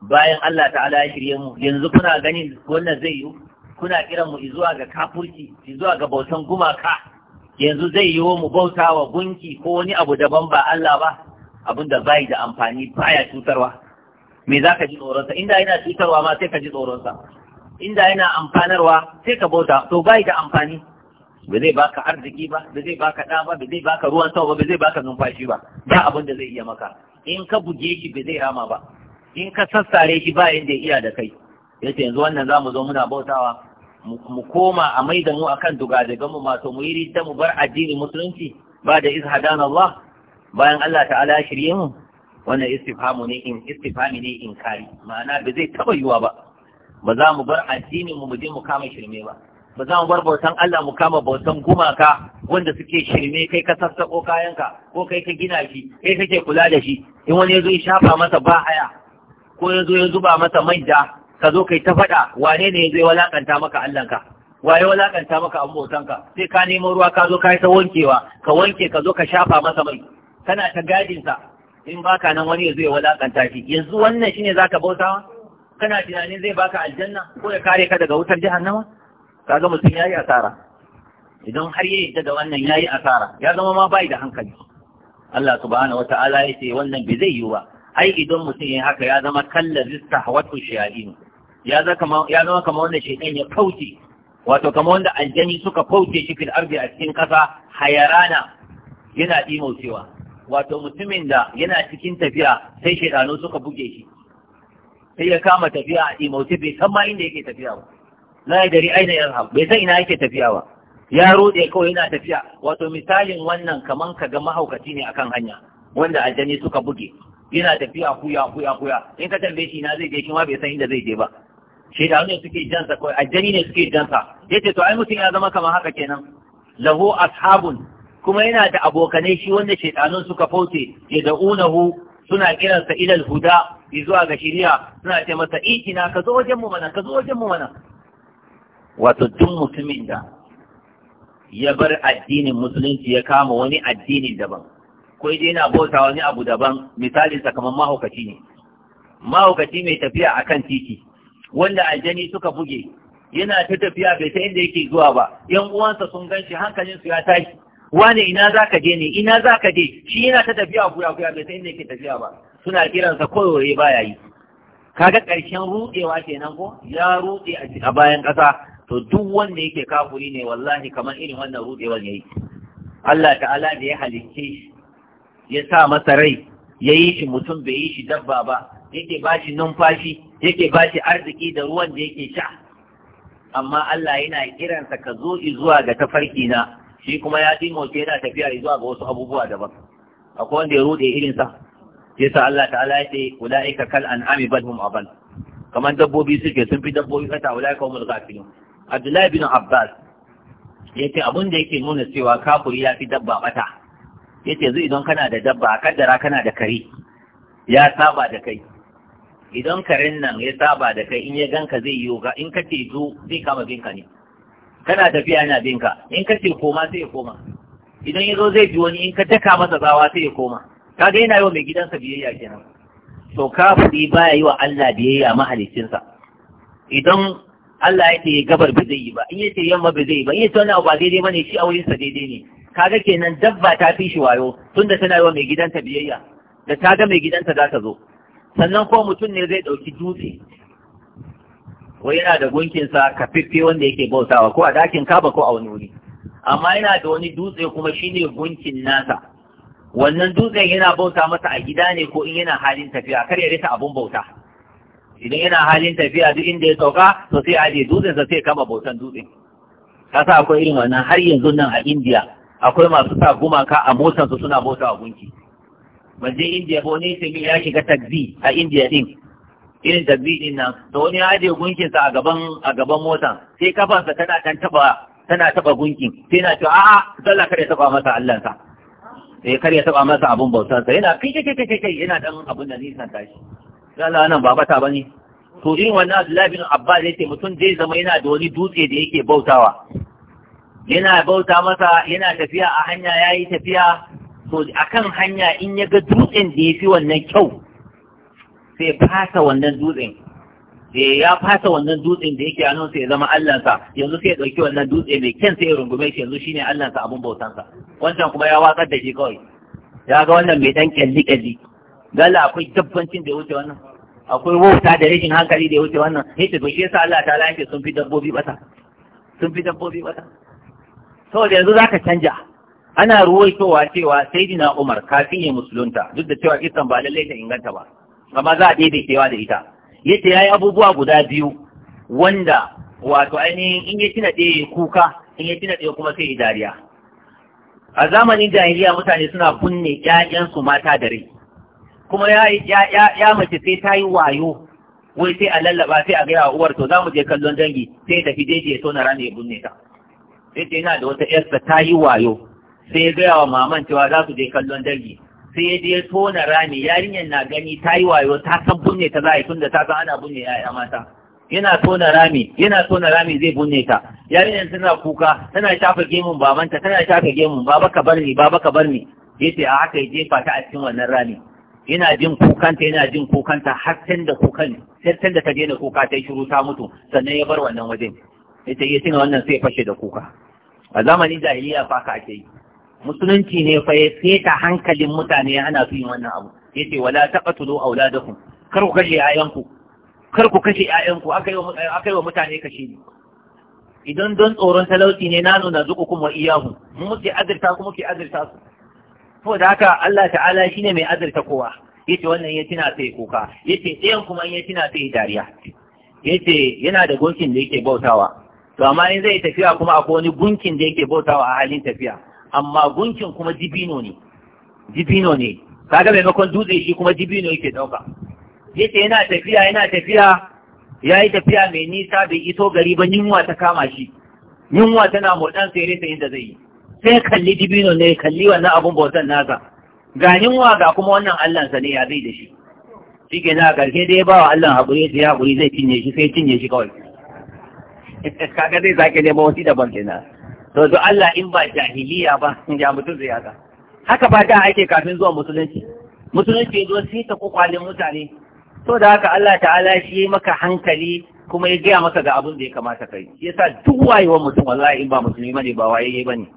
bayan Allah ta'ala ya shirye mu yanzu kuna ganin wannan zai yi kuna kiran mu zuwa ga kafurci zuwa ga bautan gumaka yanzu zai yi mu bauta wa gunki ko wani abu daban ba Allah ba abin da bai da amfani baya cutarwa me za ka ji tsoronsa inda yana cutarwa ma sai ka ji tsoronsa inda yana amfanarwa sai ka bauta to bai da amfani ba zai baka arziki ba ba zai baka ɗa ba ba zai baka ruwan sama ba ba zai baka numfashi ba ba abin da zai iya maka in ka buge shi ba zai rama ba in ka sassare shi ba inda iya da kai yace yanzu wannan zamu zo muna bautawa mu koma a maida mu akan dugadagan ma mato mu yi ridda mu bar addini musulunci ba da izhadan Allah bayan Allah ta'ala Ya shirye mu wannan istifhamu ne in istifhami ne inkari ma'ana ba zai taba yiwa ba ba za mu bar addini mu mu je mu kama shirme ba ba za mu bar bautan Allah mu kama bautan gumaka wanda suke shirme kai ka sassako kayanka ko kai ka gina shi kai kake kula da shi in wani ya zo ya shafa masa ba haya ko ya zo ya zuba masa manja ka zo kai ta faɗa wane ne ya zo ya walakanta maka Allahnka waye walakanta maka abin ka? sai ka nemo ruwa ka zo ka yi ta wankewa ka wanke ka zo ka shafa masa mai kana ta gadinsa in baka nan wani ya zo ya walakanta shi yanzu wannan shine zaka bautawa kana tunanin zai baka aljanna ko ya kare ka daga wutar jahannama kaga mutum ya yi asara idan har ya yadda da wannan ya yi asara ya zama ma bai da hankali Allah subhanahu wata'ala ya ce wannan bai zai yi ba ai idan mutum ya haka ya zama kalla zista wato shayaɗin ya zama kama wanda shaidan ya kauce wato kama wanda aljani suka kauce shi fil arzi a cikin kasa hayarana yana ɗimaucewa wato mutumin da yana cikin tafiya sai shaidanu suka buge shi sai ya kama tafiya a ɗimauce bai san ma inda yake tafiya ba Na yi gari aina yarhab bai san ina yake tafiya ba ya rode kawai yana tafiya wato misalin wannan kaman ka ga mahaukaci ne akan hanya wanda aljani suka buge yana tafiya huya huya huya in ka tambaye shi na zai je shi ma bai san inda zai je ba shaidanu ne suke jansa kawai aljani ne suke jansa ce to ai mutum ya zama kamar haka kenan lahu ashabun kuma yana da abokanai shi wanda shaidanun suka fauce ya unahu suna kiransa ilal huda zuwa ga shiriya suna ce masa ikina ka zo wajen mu mana ka zo wajen mu mana wato duk mutumin da ya bar addinin musulunci ya kama wani addini daban ko dai yana bauta wani abu daban misali kamar mahaukaci ne mahaukaci mai tafiya akan titi wanda aljani suka buge yana ta tafiya bai ta inda yake zuwa ba yan uwansa sun ganshi hankalin su ya tashi wane ina zaka je ne ina zaka je shi yana ta tafiya kuya kuya bai ta inda yake tafiya ba suna kiransa koyore baya yi kaga ƙarshen rudewa kenan ko ya rude a bayan ƙasa to duk wanda yake kafuri ne wallahi kamar irin wannan rudewar yayi Allah ta'ala da ya halicce shi ya sa masa rai ya yi shi mutum bai yi shi dabba ba yake ba shi numfashi yake ba shi arziki da ruwan da yake sha amma Allah yana kiransa ka zo zuwa ga tafarki na shi kuma ya ke yana tafiya zuwa ga wasu abubuwa daban akwai wanda ya rude irin sa sai sa Allah ta'ala ya ce ulaika kal an'ami bal hum abal kamar dabbobi suke sun fi dabbobi kata ulaika humul ghafilun abdullahi bin abbas ya ce abin da yake nuna cewa kafuri ya fi dabba mata ya ce zu idan kana da dabba a kaddara kana da kare ya saba da kai idan karen nan ya saba da kai in ya ganka zai yi ga in ka ce zo zai kama binka ne kana tafiya yana binka in ka ce koma sai ya koma idan ya zo zai bi wani in ka daka masa zawa sai ya koma kaga yana yi wa mai gidansa biyayya kenan to kafuri baya yi wa Allah biyayya mahalicinsa idan Allah ya ce gabar ba zai yi ba in ya ce yamma ba zai yi ba in ya ce wani abu ba daidai ne, shi a sa daidai ne kaga kenan dabba ta fi shi wayo tunda tana yi wa mai gidanta biyayya da ta ga mai gidanta za ta zo sannan ko mutum ne zai ɗauki dutse wai yana da gunkinsa kafiffe wanda yake bautawa ko a dakin kaba ko a wani wuri amma yana da wani dutse kuma shine gunkin nasa wannan dutsen yana bauta masa a gida ne ko in yana halin tafiya kar ya rita abun bauta idan yana halin tafiya duk inda ya sauka to sai aje dutsen sa sai kama bautan dutse kasa akwai irin wannan har yanzu nan a India akwai masu sa gumaka a motar su suna bauta a gunki manje je India ba sai ya shiga taxi a India din irin taxi din nan to wani ya aje gunkin sa a gaban a gaban motar sai kafansa tana kan taba tana taba gunkin sai na cewa a'a zalla kada taba masa Allah sa sai kar ya taba eh, masa abun bautar sa yana kai kai kai yana dan abun da nisan tashi Allah nan ba bata bane to irin wannan Abdullahi bin Abbas ce, mutum zai zama yana da wani dutse da yake bautawa yana bauta masa yana tafiya a hanya yayi tafiya to akan hanya in ya ga dutsen da yafi wannan kyau sai fasa wannan dutsen sai eh, ya fasa wannan dutsen da yake anon sai ya zama sa yanzu sai ya dauki wannan dutse mai kyan sai ya rungume shi yanzu shine sa abun bautansa wancan kuma ya watsar da shi kawai ya ga wannan mai dan kyalli kyalli dala akwai dabbancin da ya wuce wannan akwai wauta da rashin hankali da ya wuce wannan yace to shi yasa Allah ta yake sun fi dabbobi bata sun fi dabbobi bata saboda yanzu zaka canja ana ruwaitowa cewa sayyidina Umar kafin ya musulunta duk da cewa kisan ba lallai ta inganta ba amma za a daidaicewa da ita yace yayi abubuwa guda biyu wanda wato ainihin in ya tina ɗaya kuka in ya tina ɗaya kuma sai ya dariya a zamanin jahiliya mutane suna kunne ƴaƴansu mata da rai kuma ya mace sai ta yi wayo wai sai a lallaba sai a gaya wa uwar to za mu je kallon dangi sai tafi jeji ya tona rana ya binne ta sai ce yana da wata yarsa ta yi wayo sai ya gaya wa maman cewa za su je kallon dangi sai ya je tona rami yarinyar na gani ta yi wayo ta san binne ta za a yi tun da ta san ana binne ya'ya mata yana tona rami yana tona rami zai binne ta yarinyar tana kuka tana shafa gemun babanta tana shafa gemun baba ka bar ni baba ka bar ni yace a haka ya jefa ta a cikin wannan rami yana jin kukanta yana jin kukanta har san da kukan sai da ta daina kuka ta shiru ta mutu sannan ya bar wannan wajen ita ya tuna wannan sai fashe da kuka a zamanin jahiliya fa ka ake yi musulunci ne fa ya seta hankalin mutane ana su yin wannan abu yace wala taqtulu auladakum kar ku kashe ƴaƴanku kar ku kashe ƴaƴanku akai wa mutane kashe idan don tsoron talauci ne na nuna zuƙukum wa iyahu mu muke azirta kuma muke azirta su da haka Allah ta'ala shi ne mai azurta kowa Ya ce wannan ya tina sai kuka Ya ce ɗayan kuma ya tina sai dariya Ya ce yana da gunkin da yake bautawa to amma in zai tafiya kuma a wani gunkin da yake bautawa a halin tafiya amma gunkin kuma dibino ne dibino ne kaga maimakon dutse shi kuma dibino yake dauka ce yana tafiya yana tafiya ya yi tafiya mai nisa bai iso gari ba yunwa ta kama shi yunwa tana motsan sai rasa inda zai yi sai kalli dibino ne kalli wannan abun bautan nasa ganin wa ga kuma wannan allansa ne ya zai da shi shi ke na karshe dai ba wa allan haƙuri sai ya haƙuri zai cinye shi sai cinye shi kawai [LAUGHS] kaga zai sake nemo wasu daban kenan to to Allah in ba jahiliya ba ya mutum zai haka haka ba da ake kafin zuwa musulunci musulunci zo sai ta kwakwalin mutane to da haka Allah ta'ala shi maka hankali kuma ya gaya maka ga abin da ya kamata kai yasa duk wayewar mutum wallahi in ba musulmi bane ba waye bane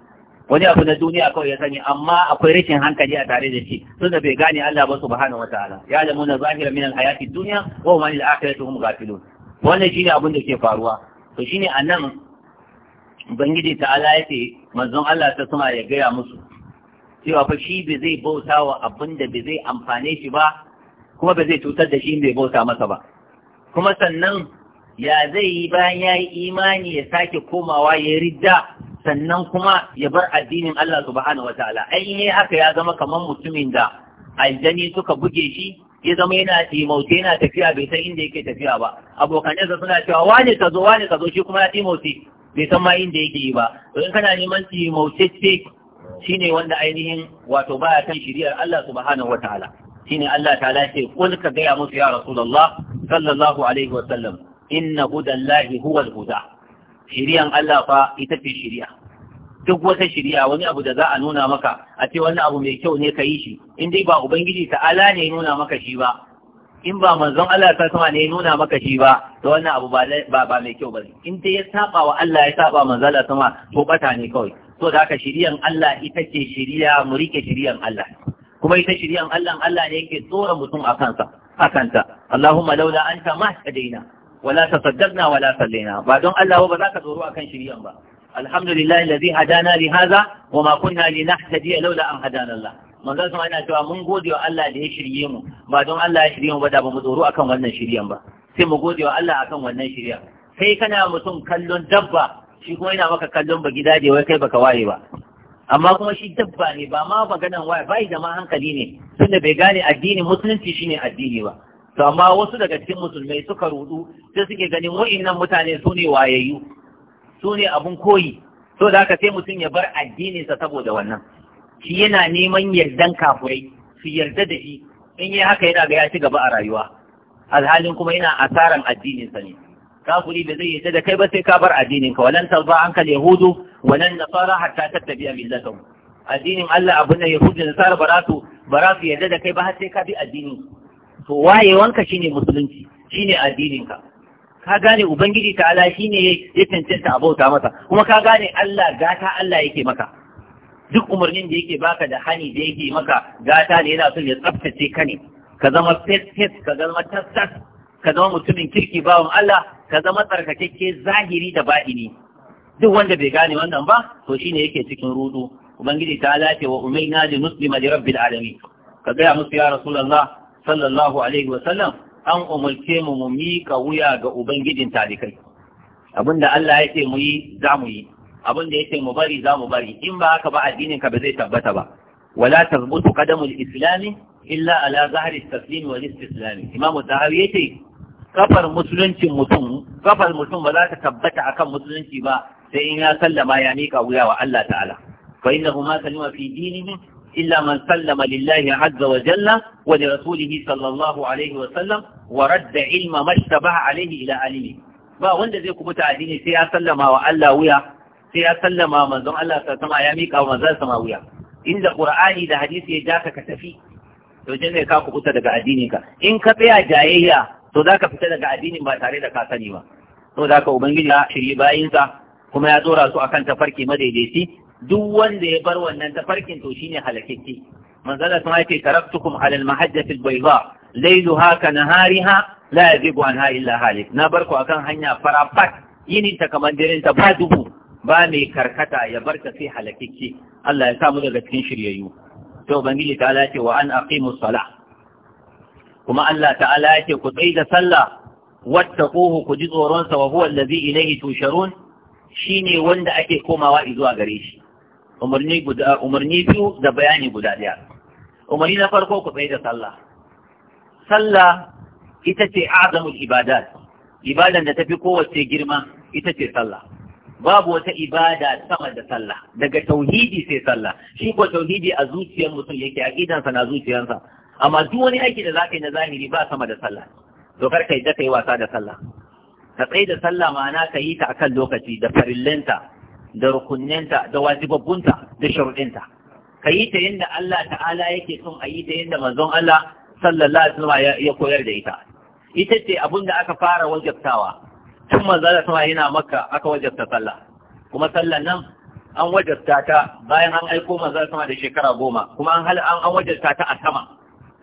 wani abu na duniya kawai ya sani amma akwai rashin hankali a tare da shi tun da bai gane Allah ba subhanahu wataala ya da muna zahira min alhayati dunya wa hum lil akhirati hum ghafilun wannan shine abin da ke faruwa to shine anan ubangiji ta'ala yace manzon Allah ta suma ya gaya musu cewa fa shi bai zai bauta wa abin bai zai amfane shi ba kuma bai zai cutar da shi bai bauta masa ba kuma sannan ya zai yi bayan ya yi imani ya sake komawa ya ridda sannan kuma ya bar addinin Allah subhanahu wataala ai ne haka ya zama kaman mutumin da aljani suka buge shi ya zama yana timauce yana tafiya bai san inda yake tafiya ba abokanansa suna cewa wane ka zo wane ka zo shi kuma ya timauce bai san ma inda yake yi ba to in kana neman timaucece shine wanda ainihin wato baya kan shiriyar Allah subhanahu wataala shine Allah ta'ala ce kul ka gaya musu ya rasulullah sallallahu alaihi wa sallam inna hudallahi huwal huda shiriyan Allah fa ita ce shiriya duk wata shiriya wani abu da za a nuna maka a ce wani abu mai kyau ne ka yi shi in dai ba ubangiji Ala ne ya nuna maka shi ba in ba manzon Allah ta sama ne ya nuna maka shi ba to wannan abu ba ba mai kyau ba ne. in dai ya saba wa Allah ya saba manzon Allah sama ko bata ne kawai to da haka shiriyan Allah ita ce shiriya mu rike shiriyan Allah kuma ita shiriyan Allah Allah ne yake tsora mutum a kansa a kanta Allahumma laula anta ma hadaina wala na wala sallaina ba don Allah ba za ka tsoro akan shiriyan ba alhamdulillah alladhi hadana li hadha wa ma kunna linahtadiya laula an hadana Allah manzo sun ina cewa mun gode wa Allah da ya shirye mu ba don Allah ya shirye mu ba da ba mu tsoro akan wannan shiriyan ba sai mu gode wa Allah akan wannan shiriya kai kana mutum kallon dabba shi kuma yana maka kallon ba gidaje wai kai baka waye ba amma kuma shi dabba ne ba ma maganan waye bai da ma hankali ne tunda bai gane addini musulunci shine addini ba to amma wasu daga cikin musulmai suka rudu sai suke ganin wa'annan mutane su ne wayayyu su ne abun koyi so da haka sai mutum ya bar addininsa saboda wannan shi yana neman yardan kafurai su yarda da shi in yi haka yana ga ya ci gaba a rayuwa alhalin kuma yana asaran addininsa ne kafuri da zai yarda da kai ba sai ka bar addininka walan an kal yahudu walan nasara hatta tattabi'a millatahum addinin Allah abu yahudu da nasara ba za su yarda da kai ba har sai ka bi addinin to wayewanka shine musulunci shine addininka ka gane ubangiji ta ala shine ya cancanta a bauta masa kuma ka gane Allah gata Allah yake maka duk umarnin da yake baka da hani da yake maka gata ne yana son ya tsaftace ka ne ka zama fes ka zama tas ka zama mutumin kirki bawan Allah ka zama tsarkakakke zahiri da baɗini duk wanda bai gane wannan ba to shine yake cikin rudu ubangiji ta ala ce wa umaina li muslima li rabbil alamin ka gaya musu ya rasulullah sallallahu alaihi wasallam an umarce mu mu miƙa wuya ga ubangijin talikai abinda Allah ya ce mu yi za mu yi abinda ya ce mu bari za mu bari in ba haka ba addinin ka ba zai tabbata ba wala tazbutu qadamul islami illa ala zahri taslim wal istislam imam zahabi yace kafar musuluncin mutum kafar mutum ba za ta tabbata akan musulunci ba sai in ya sallama ya miƙa wuya wa Allah ta'ala fa innahu ma kalima fi dinihi إلا من سلم لله عز وجل ولرسوله صلى الله عليه وسلم ورد علم ما اشتبه عليه إلى علمه ba wanda zai kubuta addini sai ya sallama wa Allah wuya sai ya sallama manzon Allah ta ya mika wa manzon sama wuya inda Qur'ani da hadisi ya daka ka tafi to ne ka kubuta daga addinin in ka tsaya jayayya to zaka fita daga addinin ba tare da ka sani ba to zaka ubangiji ya shiri bayinsa kuma ya tsora su kan tafarki madaidaici duk wanda ya bar wannan tafarkin to shine halakeke manzala sun ce taraktukum ala ba. mahajjati al-bayda laylaha ka nahariha la yazigu anha illa halik na ku akan hanya farafat yinin ta kaman daren ta ba dubu ba mai karkata ya bar ta sai halakeke Allah ya sa mu daga cikin shiryayyu to Bangiji ta ce wa an aqimu salah kuma Allah ta'ala yake ku tsayi da sallah wattaquhu ku ji tsoronsa wa huwa allazi ilayhi tusharun shine wanda ake komawa zuwa gare shi umarni biyu da bayani guda ɗaya umarni na farko ku tsaye da sallah sallah ita ce azamul ibadat ibadan da tafi kowace girma ita ce sallah babu wata ibada sama da sallah daga tauhidi sai sallah shi ko tauhidi a zuciyar mutum yake aqidansa na zuciyarsa amma duk wani aiki da zaka yi na zahiri ba sama da sallah to kar kai da kai wasa da sallah ka tsaye da sallah ma'ana ka yi ta akan lokaci da farillanta da rukunninta da wajibabbunta da sharuɗinta ka yi ta yadda Allah ta'ala yake son a yi ta yadda manzon Allah sallallahu alaihi wasallam ya koyar da ita ita ce abin da aka fara wajabtawa tun manzon Allah sama yana maka aka wajabta sallah kuma sallan nan an wajabta ta bayan an aiko manzon sama da shekara goma kuma an hal an wajabta ta a sama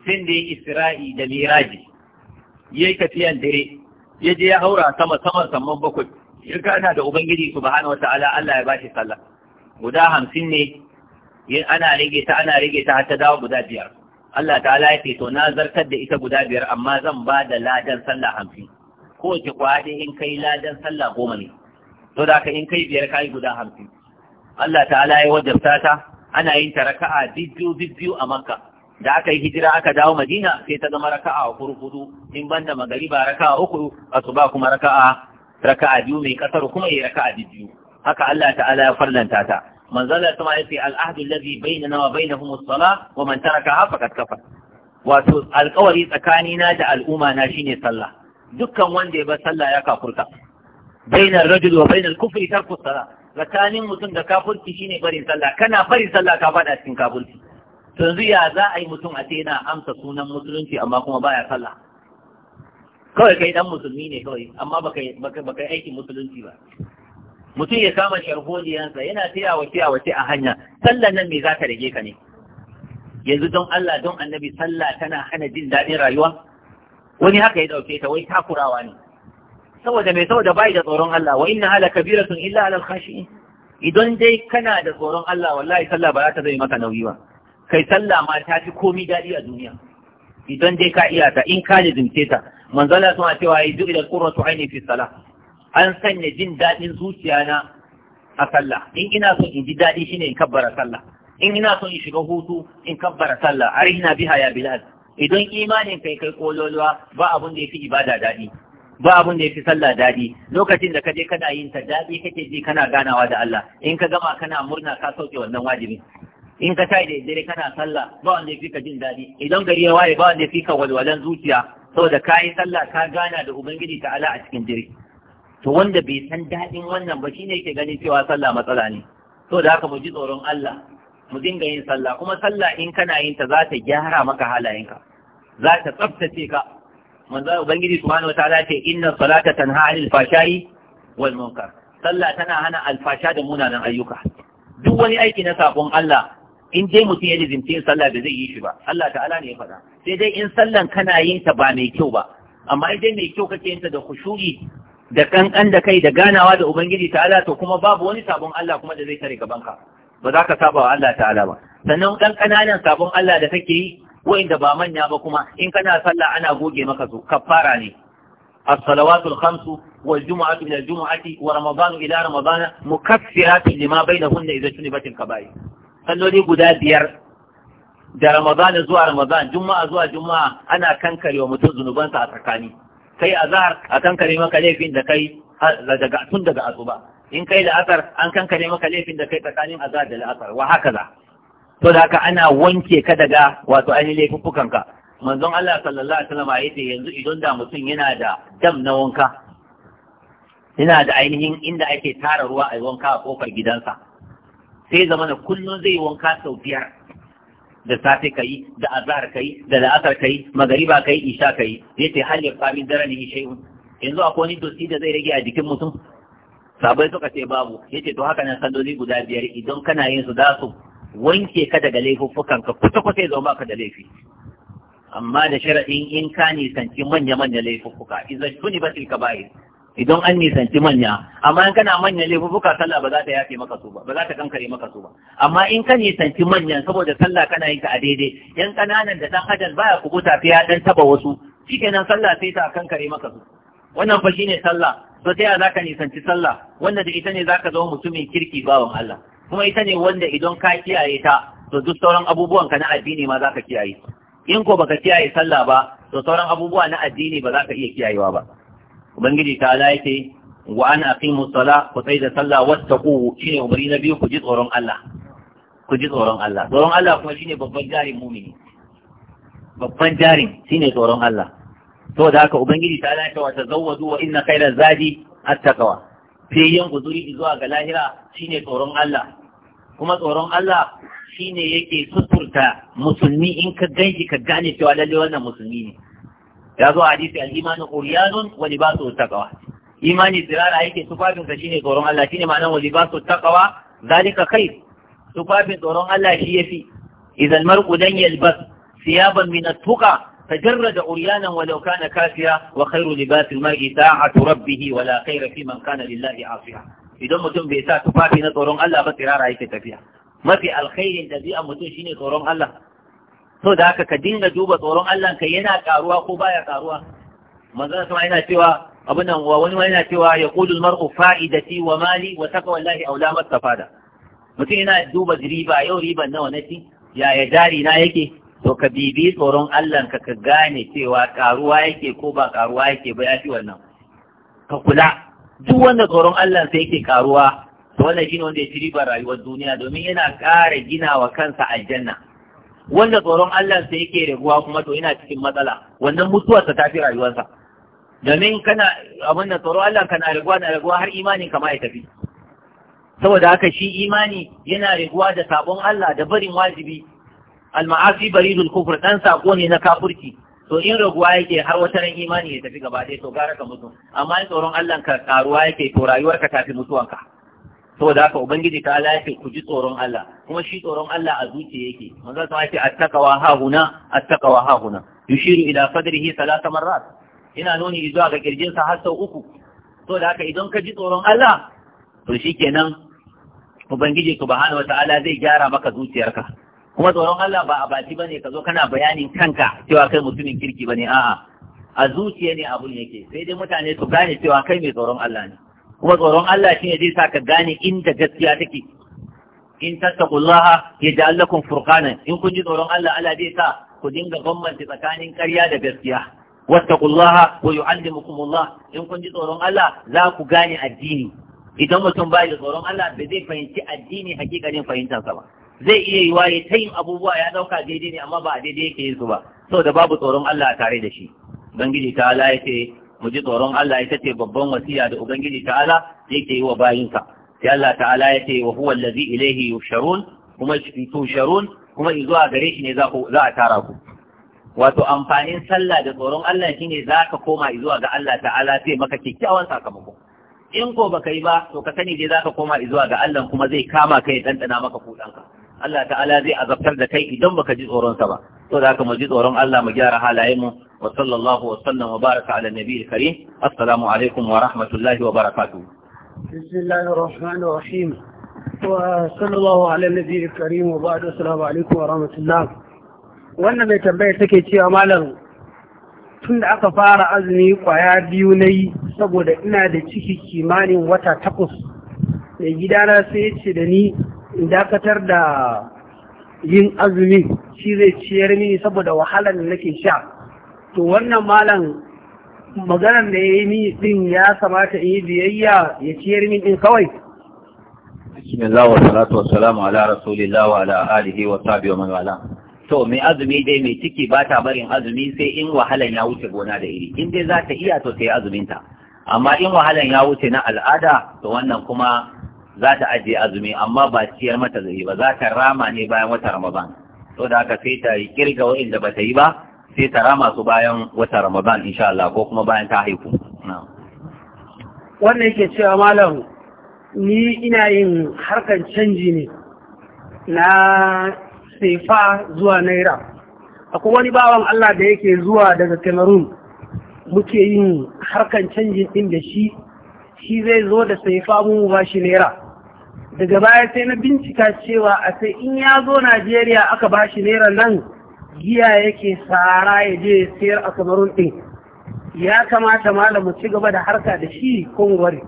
sin da Isra'i da Miraji yayi tafiyan dare ya je ya haura sama sama saman bakwai ya gana da ubangiji subhanahu ta'ala, Allah ya bashi sallah guda hamsin ne ana rage ta ana rage ta har ta dawo guda biyar Allah ta'ala ya ce to na zartar da ita guda biyar amma zan ba da ladan sallah hamsin kowace kwaɗe in kai ladan sallah goma ne to da ka in kai biyar kai guda hamsin Allah ta'ala ya wajabta ta ana yin ta raka'a bibbiyu bibbiyu a Makka da aka yi hijira aka dawo Madina sai ta zama raka'a hudu in banda magariba raka'a uku asuba kuma raka'a raka'a biyu mai kasar kuma ya raka'a biyu haka Allah ta'ala ya farlanta ta manzon Allah kuma yace al-ahdu alladhi bainana wa bainahum as-salah wa man tarakaha faqad kafar wato alƙawari tsakanina da al'umma na shine sallah dukkan wanda ya bar sallah ya kafurta bainar rajul wa bainar kufri tarku sala tsakanin mutum da kafurci shine barin sallah kana barin sallah ka fada cikin kafurci yanzu ya za a yi mutum a ce amsa sunan musulunci amma kuma baya sallah kawai kai dan musulmi ne kawai amma baka baka baka aikin musulunci ba mutum ya kama sharholiyansa yana taya wa taya wa a hanya sallan nan me zaka rage ka ne yanzu don Allah don Annabi sallah tana hana jin daɗin rayuwa wani haka ya dauke ta wai takurawa ne saboda mai saboda bai da tsoron Allah wa inna hala kabiratun illa alal khashi'in idan dai kana da tsoron Allah wallahi sallah ba za ta zai maka nauyi ba kai sallah ma ta fi komi daɗi a duniya idan dai ka iya ta in ka nizimce ta manzala suna cewa ya duk da qurratu aini fi sala an sanya jin daɗin zuciya na a sallah in ina son in ji daɗi shine in kabbara sallah in ina son in shiga hutu in kabbara sallah ina biha ya bilal idan imanin kai kai kololuwa ba abun da yafi ibada daɗi ba abun da yafi sallah daɗi lokacin da ka je kana yin ta daɗi kake ji kana ganawa da Allah in ka gama kana murna ka sauke wannan wajibi in ka sai da dare kana sallah ba wanda yafi ka jin daɗi idan gari ya waye ba wanda yafi ka walwalan zuciya saboda ka yi sallah ka gana da ubangiji ala a cikin dare to wanda bai san daɗin wannan ba shine yake ganin cewa sallah matsala ne saboda haka mu ji tsoron Allah mu dinga yin sallah kuma sallah in kana yin ta za ta gyara maka halayenka za ta tsaftace ka manzo ubangiji subhanahu wataala ce inna salata tanha 'anil fashai wal munkar sallah tana hana alfasha da munanan ayyuka duk wani aiki na sabon Allah in dai mutum ya lizimci yin sallah da zai yi shi ba Allah ta'ala ne ya faɗa sai dai in sallan kana yin ta ba mai kyau ba amma idan mai kyau kake yin ta da khushu'i da kankan da kai da ganawa da ubangiji ta'ala to kuma babu wani sabon Allah kuma da zai tare gaban ka ba za ka saba wa Allah ta'ala ba sannan dan kananan sabon Allah da kake yi wa'inda ba manya ba kuma in kana sallah ana goge maka su kafara ne الصلوات الخمس والجمعة إلى الجمعة ورمضان إلى رمضان مكفرات لما بينهن إذا جنبت الكبائر salloli guda biyar da ramadana zuwa ramadan juma'a zuwa juma'a ana kankare wa mutum zunubansa a tsakani kai azhar a kankare maka laifin da kai daga tun daga asuba in kai da asar an kankare maka laifin da kai tsakanin azhar da la'asar wa haka za to da haka ana wanke ka daga wato ainihin ka manzon Allah sallallahu alaihi wasallam yace yanzu idan da mutum yana da dam na wanka yana da ainihin inda ake tara ruwa a wanka a kofar gidansa sai zama na kullum zai wanka sau biyar da safe ka da azhar ka da la'asar ka yi magariba kai yi isha ka yi zai ce hal ya fami darani shay'un yanzu akwai wani dosi da zai rage a jikin mutum sabai suka ce babu yace to haka nan sandoli guda biyar idan kana yin su za su wanke ka daga laifuffukan ka kusa kusa ya zama ka da laifi amma da sharaɗin in ka nisanci manya-manya laifuffuka idan tuni ba tilka idan an nisanci manya amma in kana manya laifuka sallah ba za ta yafe maka su ba ba za ta kankare maka su ba amma in ka nisanci manyan saboda sallah kana yin ta a daidai yan kananan da dan adam baya ku fi ya dan taba wasu shikenan sallah sai ta kankare maka su wannan fa shine sallah to ta za ka nisanci sallah wanda da ita ne za ka zama mutumin kirki bawan Allah kuma ita ne wanda idan ka kiyaye ta to duk sauran abubuwan ka na addini ma za ka kiyaye in ko baka kiyaye sallah ba to sauran abubuwa na addini ba za ka iya kiyayewa ba ubangiji ta ala yake wa an aqimu musala, ku sai da sallah shi shine umarni na biyu ku ji tsoron Allah ku ji tsoron Allah tsoron Allah kuma shine babban jarin mumini babban jarin shine tsoron Allah to da haka ubangiji ta ala yake wa tazawwadu wa inna khayra zadi attaqwa Sai fiyan guzuri zuwa ga lahira shine tsoron Allah kuma tsoron Allah shine yake suturta musulmi in ka ganshi ka gane cewa lalle wannan musulmi ne ya zo hadisi al-imanu wani wa libasu taqwa imani tsirara yake tufafin sa shine tsoron Allah shine ma'anar wa libasu taqwa zalika kai tufafin tsoron Allah shi fi. idan marku dan yalbas siyaban min at-tuqa تجرد عريانا ولو wa كافيا وخير لباس المرء طاعة ربه ولا خير في من kana lillahi عاصيا idan mutum bai sa tufafi na tsoron Allah ba tsirara yake tafiya mafi alkhairin da zai mutum shine tsoron Allah to da haka ka dinga duba tsoron Allah ka yana karuwa ko baya karuwa manzo sama yana cewa abin nan wa wani yana cewa ya qulu al-mar'u fa'idati wa mali wa taqwallahi aw la mastafada mutum yana duba riba yau riba nawa nake ya ya jari na yake to ka bibi tsoron Allah ka ka gane cewa karuwa yake ko ba karuwa yake ba yafi wannan ka kula duk wanda tsoron Allah sai yake karuwa to wannan shine wanda ya ci ribar rayuwar duniya domin yana ƙara gina wa kansa aljanna wanda tsoron Allah sai yake raguwa kuma to ina cikin matsala wannan mutuwarsa ta fi rayuwarsa domin kana abin da tsoron Allah kana raguwa na raguwa har imanin kama ya tafi saboda haka shi imani yana raguwa da sabon Allah da barin wajibi al-ma'asi baridul kufr dan sako ne na kafurci to in raguwa yake har wata ran imani ya tafi gaba ɗaya to gara ka mutu amma in tsoron Allah ka karuwa yake to rayuwarka tafi mutuwanka da ka ubangiji ta Allah yake ku ji tsoron Allah kuma shi tsoron Allah a zuciya yake manzo ta yake attaqwa ha huna attaqwa ha huna yushiru ila sadrihi thalatha marrat ina nuni zuwa ga kirjin sa har sau uku da ka idan ka ji tsoron Allah to shikenan ubangiji subhanahu wataala zai gyara maka zuciyarka kuma tsoron Allah ba a baki bane ka zo kana bayanin kanka cewa kai mutumin kirki bane a'a a zuciya ne abun yake sai dai mutane su gane cewa kai mai tsoron Allah ne kuma tsoron Allah shi ne zai sa ka gane inda gaskiya take in tattaqullaha yaj'al lakum furqana in kun ji tsoron Allah Allah zai sa ku dinga bambanta tsakanin ƙarya da gaskiya wattaqullaha wa yu'allimukumullah in kun ji tsoron Allah za ku gane addini idan mutum bai da tsoron Allah ba zai fahimci addini hakikanin sa ba zai iya yi waye ta yin abubuwa ya dauka daidai ne amma ba a daidai yake yin su ba saboda babu tsoron Allah tare da shi bangiji ta Allah ya ce mu ji tsoron Allah ita ce babban wasiya da ubangiji ta'ala yake yi wa bayinsa sai Allah ta'ala ya ce wa huwa allazi ilayhi yusharun kuma tusharun kuma zuwa gare shi ne za a tara ku wato amfanin sallah da tsoron Allah shine za ka koma zuwa ga Allah ta'ala zai maka kyakkyawan sakamako in ko baka yi ba to ka sani dai za ka koma zuwa ga Allah kuma zai kama kai dandana maka kuɗanka Allah ta'ala zai azabtar da kai idan baka ji tsoronsa ba to da haka mu ji tsoron Allah mu gyara halayen mu wa sallallahu wa sallam wa baraka ala nabiyil karim assalamu alaikum wa rahmatullahi wa barakatuh bismillahir rahmanir rahim wa sallallahu ala nabiyil karim wa ba'du assalamu alaikum wa rahmatullah wannan mai tambaya take cewa malam tun da aka fara azumi kwaya biyu na yi saboda ina da ciki kimanin wata takwas Mai gidana sai ya ce da ni dakatar da yin azumi shi zai ciyar mini saboda wahalar da nake sha to wannan malam maganar da ya yi mini din ya samata in yi biyayya ya ciyar mini din kawai bismillah wa salatu wa salamu ala rasulillah wa ala alihi wa sahbihi wa to mai azumi dai mai ciki ba ta barin azumi sai in wahalan ya wuce gona da iri in dai za ta iya to sai azuminta amma in wahalan ya wuce na al'ada to wannan kuma za ta ajiye azumi amma ba ciyar mata zai ba za ta rama ne bayan wata ramadan to da haka sai ta yi kirga wa'inda ba ta yi ba sai ta rama su bayan wata ramadan insha Allah ko kuma bayan ta haihu wannan yake cewa malam ni ina yin harkar canji ne na sefa zuwa naira akwai wani bawan Allah da yake zuwa daga Cameroon muke yin harkan canjin din da shi shi zai zo da sai mu ba shi naira daga baya sai na bincika cewa a sai in ya zo najeriya aka ba shi naira nan giya yake tsara ya je sayar a kamarun ɗin ya kamata mu ci gaba da harka da shi kongwari.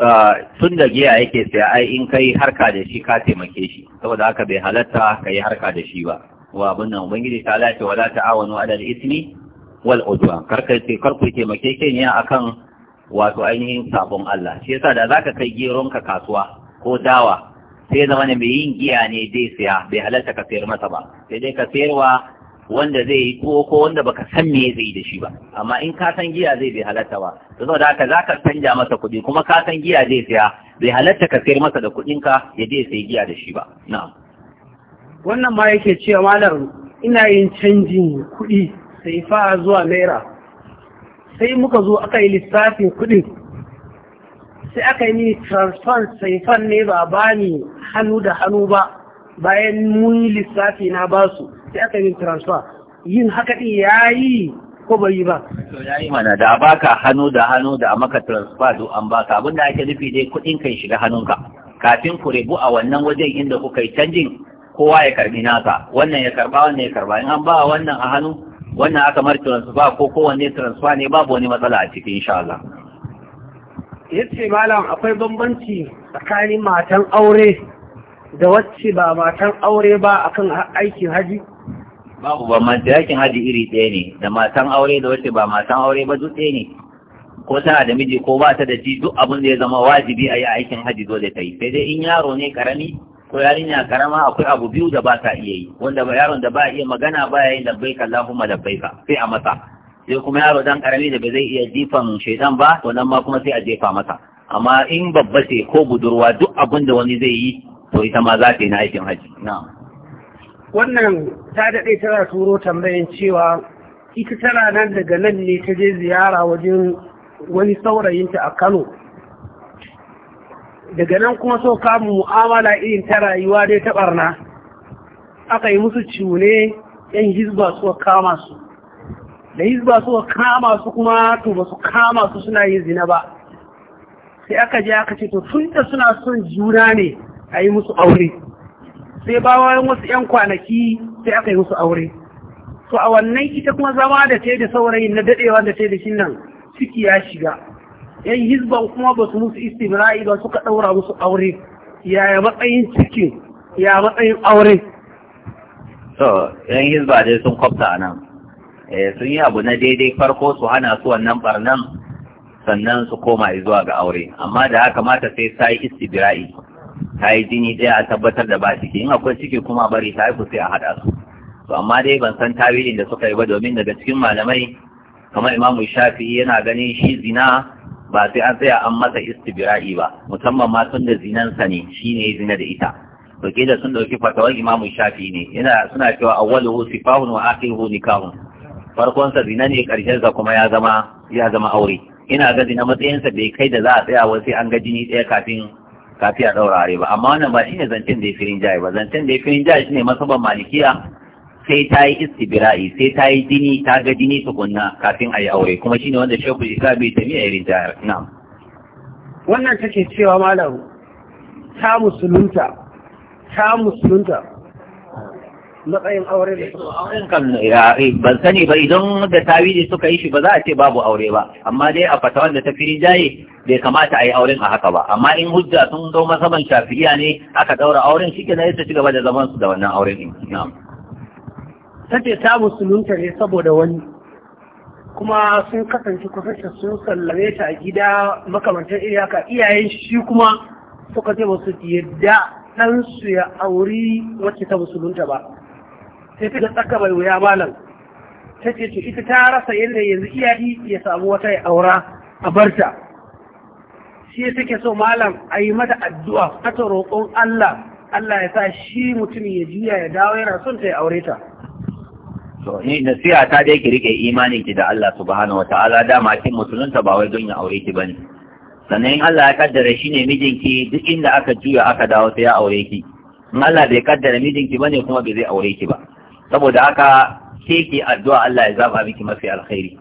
Ah, tun da giya yake saya ai in kai harka da shi ka taimake shi saboda haka bai halatta ka yi harka da shi ba wa abin nan ubangiji ta lati wala ta'awanu ala al-ismi wal udwan karka ce karku taimake ke ne akan wato ainihin sabon Allah shi yasa da zaka kai geron ka kasuwa ko dawa sai zama ne mai yin giya ne dai siya bai halarta ka sayar masa ba sai dai ka sayarwa wanda zai yi ko ko wanda baka san me zai yi da shi ba amma in ka san giya zai bai halarta ba to saboda haka zaka canja masa kuɗi kuma ka san giya zai siya bai halarta ka sayar masa da kuɗinka ya dai sai giya da shi ba na'am wannan ma yake cewa malam ina yin canjin kuɗi sai fa zuwa naira sai muka zo aka yi lissafin kuɗin sai aka yi mini transfer saifan ne ba ni hannu da hannu ba bayan mun yi lissafi na basu sai aka yi transfer yin haka ɗin ya yi ko bai yi ba. Ya yi mana da baka hannu da hannu da maka transfer duk an baka abin da ake nufi dai kuɗin kan shiga hannunka kafin ku rebu a wannan wajen inda kuka yi canjin kowa ya karbi naka wannan ya karba wannan ya karba in an ba wannan a hannu wannan aka mar transfer ko kowanne transfer ne babu wani matsala a cikin insha Ya yace malam akwai bambanci tsakanin matan aure da wacce ba matan aure ba akan aikin haji babu ba matan aikin haji iri ɗaya ne da matan aure da wacce ba matan aure ba duk ɗaya ne ko tana da miji ko ba ta da ji duk abin da ya zama wajibi a yi aikin haji dole ta yi sai dai in yaro ne karami ko yarinya karama akwai abu biyu da ba ta iya yi wanda ba yaron da ba iya magana ba ya yi labbaika Allahumma labbaika sai a masa sai kuma yaro dan karami da ba zai iya jifan shaidan ba to nan ma kuma sai a jefa masa amma in babba ce ko budurwa duk abin da wani zai yi to ita ma za ta yi na aikin haji na'am wannan ta daɗe tana turo tambayin cewa ita tana nan daga nan ne ta je ziyara wajen wani saurayinta a Kano daga nan kuma so kamun mu'amala irin ta rayuwa dai ta barna aka yi musu cune yan hizba suka kama su da hizba suka kama su kuma to ba su kama su suna yin zina ba sai aka je aka ce to tun da suna son juna ne a yi musu aure sai bayan wasu yan kwanaki sai aka yi musu aure to a wannan ita kuma zama da ta da saurayin na dadewa da ta da shi nan ciki ya shiga yan hizban kuma ba su musu istimra'i ba suka ɗaura musu aure yaya matsayin cikin ya matsayin aure so yan hizba dai sun kwafta nan eh, sun yi abu na daidai farko su hana su wannan barnan sannan su koma zuwa ga aure amma da haka mata sai ta yi istibra'i ta yi jini ɗaya a tabbatar da ba ciki in akwai ciki kuma bari ta haifu sai a haɗa su to amma dai ban san tawilin da suka yi ba domin daga cikin malamai kamar imamu shafi'i yana ganin shi zina ba sai an tsaya an masa istibra'i ba musamman ma tun da zinansa ne shine ya zina da ita to da sun dauki fatawar imamu shafi ne yana suna cewa awwalu sifahun wa akhiru nikahun farkon sa zina ne karshen sa kuma ya zama ya zama aure ina ga zina matsayin sa bai kai da za a tsaya wai sai an ga jini ɗaya kafin kafiya a daura ba amma wannan ba shine zancen da ya firin jaye ba zancen da ya firin jaye shine masaban malikiya sai ta yi istibira'i sai ta yi jini ta ga jini tukunna kafin a yi aure kuma shine wanda shekul isa bai tafi a yi jihar na'am wannan take cewa malam ta musulunta ta musulunta matsayin aure da eh, auren kan eh, ban sani ba idan da tawili suka yi shi ba za a ce babu aure ba amma dai a fata wanda ta firin jaye bai kamata a yi auren a haka ba amma in hujja sun zo masaman shafi'iya ne aka daura auren shi ke na ta ci gaba da zaman su da wannan auren na'am ta ce ta musulunta ne saboda wani kuma sun kasance kusurta sun sallame ta a gida makamantar iyaka iyayen shi kuma suka ce basu yadda ɗansu ya auri wacce ta musulunta ba sai ta tsaka bai wuya malam ta ce ce ita ta rasa yadda yanzu iyayi ya samu wata ya aura a barta shi take so malam a yi mata addu'a ta roƙon Allah Allah ya sa shi mutum ya juya ya dawo yana son ta ya aure ta to ni nasiha ta dai ki rike imanin ki da Allah subhanahu wataala dama kin musulunta ba wai don ya aure ki bane sannan Allah ya kaddara shi ne mijinki duk inda aka juya aka dawo sai ya aure ki in Allah bai kaddara mijinki bane kuma bai zai aure ki ba saboda haka ke ki addu'a Allah ya zaba miki mafi alkhairi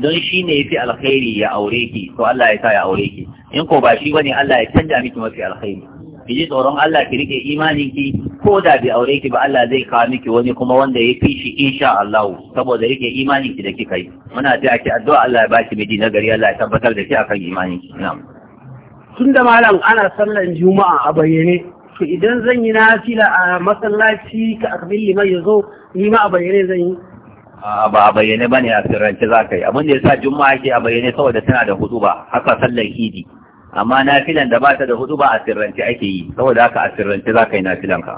idan shi ne fi alkhairi ya aure ki to Allah ya sa ya aure ki in ko ba shi bane Allah ya canja miki mafi alkhairi ki ji tsoron Allah ki rike imanin ki ko da bi aure ki ba Allah zai kawo miki wani kuma wanda ya fi shi insha Allah saboda rike imanin ki da kika yi muna ta ki addu'a Allah ya baki miji na gari Allah ya tabbatar da shi akan imanin ki na'am tun da malam ana sallan juma'a a bayyane to idan zan yi nafila a masallaci ka akbil liman yazo ni ma a bayyane zan yi ba a bayyane bane a sirrance za ka yi abin da ya sa juma'a ke a bayyane saboda tana da hudu ba haka sallar idi amma nafilan da ba ta da hudu ba a sirrance ake yi saboda haka a sirrance za ka yi nafilan ka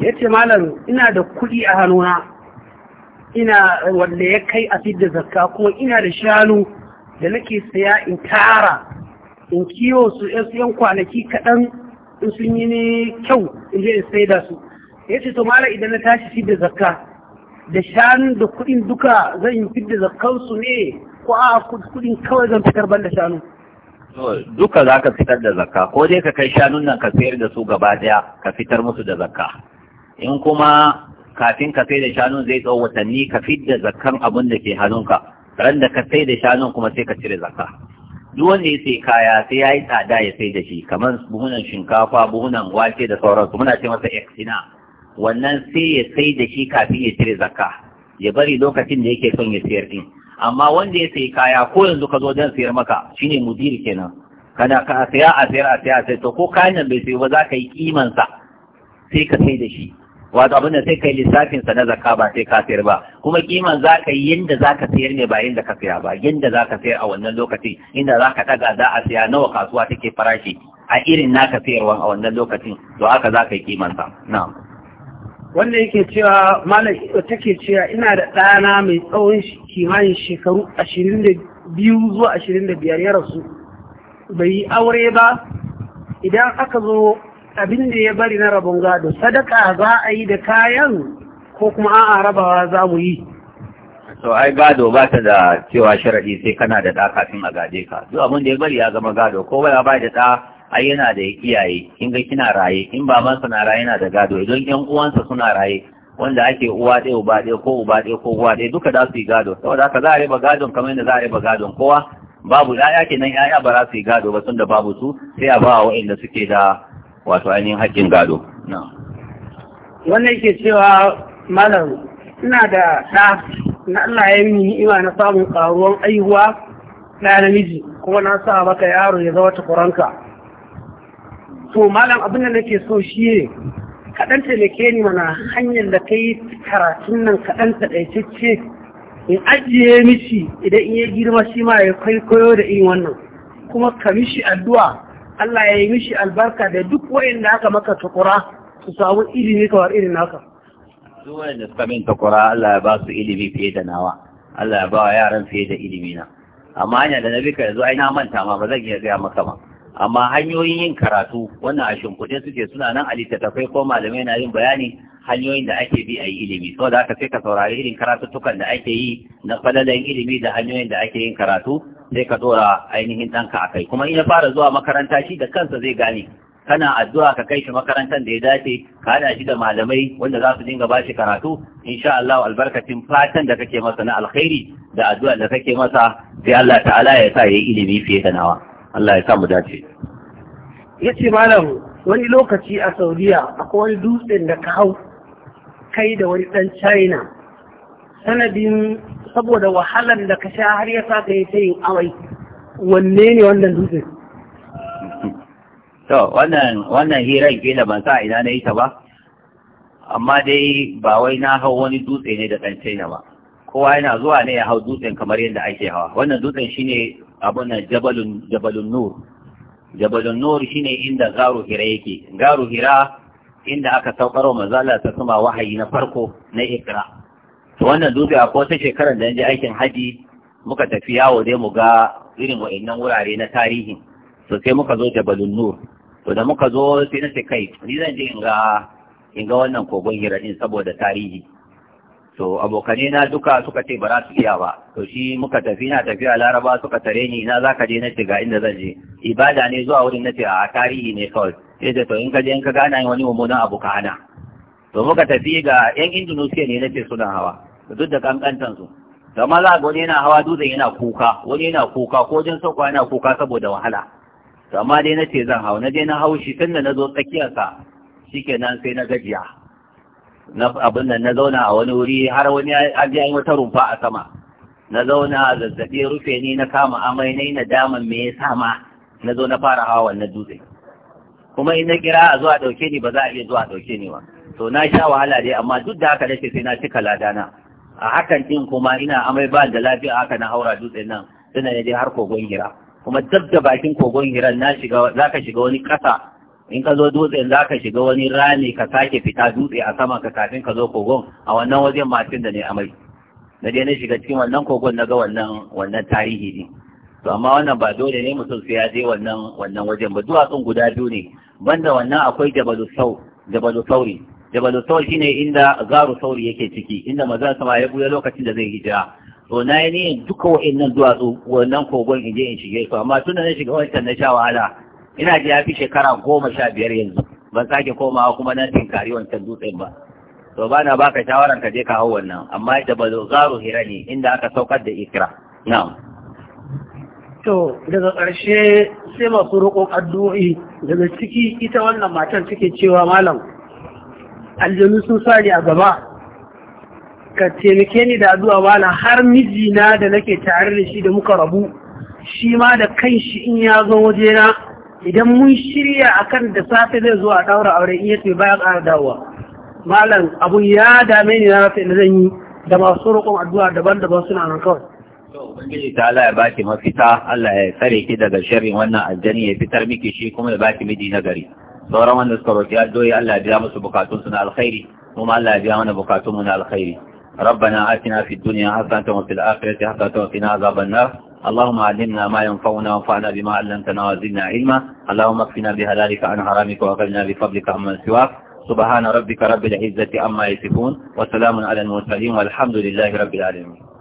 ya ce malam ina da kuɗi a hannuna ina wanda ya kai a fidda zakka kuma ina da shanu da nake saya in tara in kiwo su yan kwanaki kaɗan in sun yi ne kyau in je in sai da su ya ce to malam idan na tashi fidda zakka da shanu da kuɗin duka zan yi fidda zakkansu ne ko a kuɗin kawai zan fitar ban da shanu duka za ka fitar da zakka ko dai ka kai shanun nan ka sayar da su gaba daya ka fitar musu da zakka in kuma kafin ka sai da shanun zai tsawo watanni ka fit da zakkan abin da ke hannunka ran da ka sai da shanun kuma sai ka cire zakka duk wanda ya sai kaya sai ya yi tsada ya sai da shi kamar buhunan shinkafa buhunan wake da sauransu muna ce masa exina wannan sai ya sai da shi kafin ya cire zakka ya bari lokacin da yake son ya sayar din amma wanda ya sayi kaya ko yanzu ka zo don sayar maka shine mudiri kenan kana ka saya a sayar a saya sai to ko kayan nan bai sayi ba za ka yi kiman sai ka sai da shi wato abin sai ka yi lissafin sa na zakka ba sai ka sayar ba kuma kiman za ka yi yanda za ka sayar ne ba yanda ka saya ba yanda za ka sayar a wannan lokaci inda za ka daga za a saya nawa kasuwa take farashi a irin naka sayarwan a wannan lokacin to haka za ka yi kiman sa na'am wanda yake cewa malam take cewa ina da ɗana mai tsawon kimanin shekaru ashirin da biyu zuwa ashirin da biyar ya rasu bai yi aure ba idan aka zo abin da ya bari na rabon gado sadaka za a yi da kayan ko kuma a'a rabawa za mu yi so ai gado ba ta da cewa sharaɗi sai kana da ɗa kafin a gade ka duk abin da ya bari ya zama gado ko ba ya bai da ɗa ai yana da iyaye in ga kina raye in babansa na raye yana da gado idan yan uwansa suna raye wanda ake uwa ɗaya uba ɗaya ko uba ɗaya ko uwa ɗaya duka za su yi gado saboda haka za a riba gadon kamar yadda za a riba gadon kowa babu ɗaya kenan ƴaƴa ba za su yi gado ba tunda da babu su sai a ba wa waɗanda suke da wato ainihin haƙƙin gado wannan ke cewa malam ina da ɗa na Allah ya yi ni'ima na samun ƙaruwan aihuwa ɗaya namiji kuma na sa maka yaro ya zama takwaranka to malam abin da nake so shi ne kaɗan taimake ni mana hanyar da ta yi karatun nan kaɗan taɗaitacce in ajiye mishi idan in yi girma shi ma ya kwaikwayo da irin wannan kuma ka mishi addu'a Allah ya yi mishi albarka da duk wayan da aka maka takura su samu ilimi kawar irin naka. Duk da suka min Allah ya ba su ilimi fiye da nawa, Allah ya ba wa yaran fiye da ilimina. Amma hanyar da na bi ka yanzu ai na manta ma ba zan iya gaya maka ba. amma hanyoyin yin karatu wannan a shimfiɗe suke suna nan a littattafai ko malamai na yin bayani hanyoyin da ake bi a yi ilimi so da aka sai ka saurari irin karatuttukan da ake yi na falalan ilimi da hanyoyin da ake yin karatu sai ka dora ainihin ɗanka a kai kuma in ya fara zuwa makaranta shi da kansa zai gane kana addu'a ka kai shi makarantar da ya dace ka hada shi da malamai wanda za su dinga bashi karatu insha Allah albarkacin fatan da kake masa na alkhairi da addu'a da kake masa sai Allah ta'ala ya sa yayi ilimi fiye da nawa Allah ya sa mu dace ya ce malam wani lokaci a saudiya akwai wani dutsen da ka hau kai da wani dan china sanadin saboda wahalar da ka sha har ya sa ka yi ta yin awai wanne ne wannan dutsen [LAUGHS] to wannan wannan ke da ban sa ina na yi ta ba amma dai ba wai na hau wani dutse ne da dan china ba kowa yana zuwa ne ya hau dutsen kamar yadda ake hawa wannan dutsen shine abuna jabalun jabalun nur jabalun nur shine inda garu hira yake garu hira inda aka saukar wa ta suma wahayi na farko na ikra to wannan dubi a kowace shekarar da je aikin haji muka tafi yawo dai mu ga irin wa'annan wurare na tarihi to sai muka zo jabalun nur to da muka zo sai na kai ni zan je in ga in ga wannan kogon hira din saboda tarihi to abokane na duka suka ce ba za su iya ba to shi muka tafi na tafiya laraba suka tare ni ina za ka je na shiga inda zan je ibada ne zuwa wurin na ce a tarihi ne kawai sai da to in ka je in ka gana wani mummunan abu ka hana to muka tafi ga yan indonesia ne na ce suna hawa duk da kankantan su amma za ga wani yana hawa dutsen yana kuka wani yana kuka ko jin sauka yana kuka saboda wahala to amma dai na ce zan hau na je na hau shi tun da na zo tsakiyarsa shikenan sai na gajiya na abin nan na zauna a wani wuri har wani aji an wata rumfa a sama na zauna zazzaɓi rufe ni na kama amai na na daman me ya ma na zo na fara hawa wannan dutse kuma in na kira a zuwa ɗauke ni ba za a iya zuwa ɗauke ni ba to na sha wahala dai amma duk da haka nake sai na cika ladana a hakan din kuma ina amai ba da lafiya haka na haura dutse nan suna ne har kogon hira kuma dabda bakin kogon hiran na shiga za shiga wani kasa in ka zo dutsen za ka shiga wani rami ka sake fita dutse a sama ka kafin ka zo kogon a wannan wajen matin da ne a mai. na je na shiga cikin wannan kogon na ga wannan wannan tarihi ne to amma wannan ba dole ne mutum sai ya je wannan wannan wajen ba duwatsun guda biyu ne banda wannan akwai jabalu sau jabalu sauri jabalu sauri shine inda garu sauri yake ciki inda maza sama ya buya lokacin da zai hijira to na yi niyyar duka wa'annan duwatsu wannan kogon in je in shige su amma tun da na shiga wancan na sha wahala ina ji ya fi shekara goma sha biyar yanzu ban sake komawa kuma na tinkari wancan dutsen ba to ba na baka shawaran ka je ka hau wannan amma da ba zaro hira ne inda aka saukar da ikira na'am to daga ƙarshe sai masu roƙon addu'o'i daga ciki ita wannan matan take cewa malam aljanu sun sa a gaba ka taimake ni da addu'a bana har mijina da nake tare da shi da muka rabu shi ma da kanshi in ya zo wajena idan mun shirya akan da safe zai zo a daura aure in yace baya ƙara dawowa malam abu ya dame ni na rasa inda zan da masu roƙon addu'a daban-daban suna nan kawai Ubangiji ta Allah ya baki mafita, Allah ya tsare ki daga sharrin wannan aljani ya fitar miki shi kuma ya baki miji na gari. Sauran wanda suka roƙi addu'o'i Allah ya biya musu bukatun su na alkhairi, kuma Allah ya biya mana bukatun mu na alkhairi. ربنا آتنا في الدنيا حسنة وفي الآخرة حسنة وقنا عذاب النار اللهم علمنا ما ينفعنا وانفعنا بما علمتنا وزدنا علما اللهم اكفنا بهلالك عن حرامك وقلنا بفضلك عمن سواك سبحان ربك رب العزة عما يصفون وسلام على المرسلين والحمد لله رب العالمين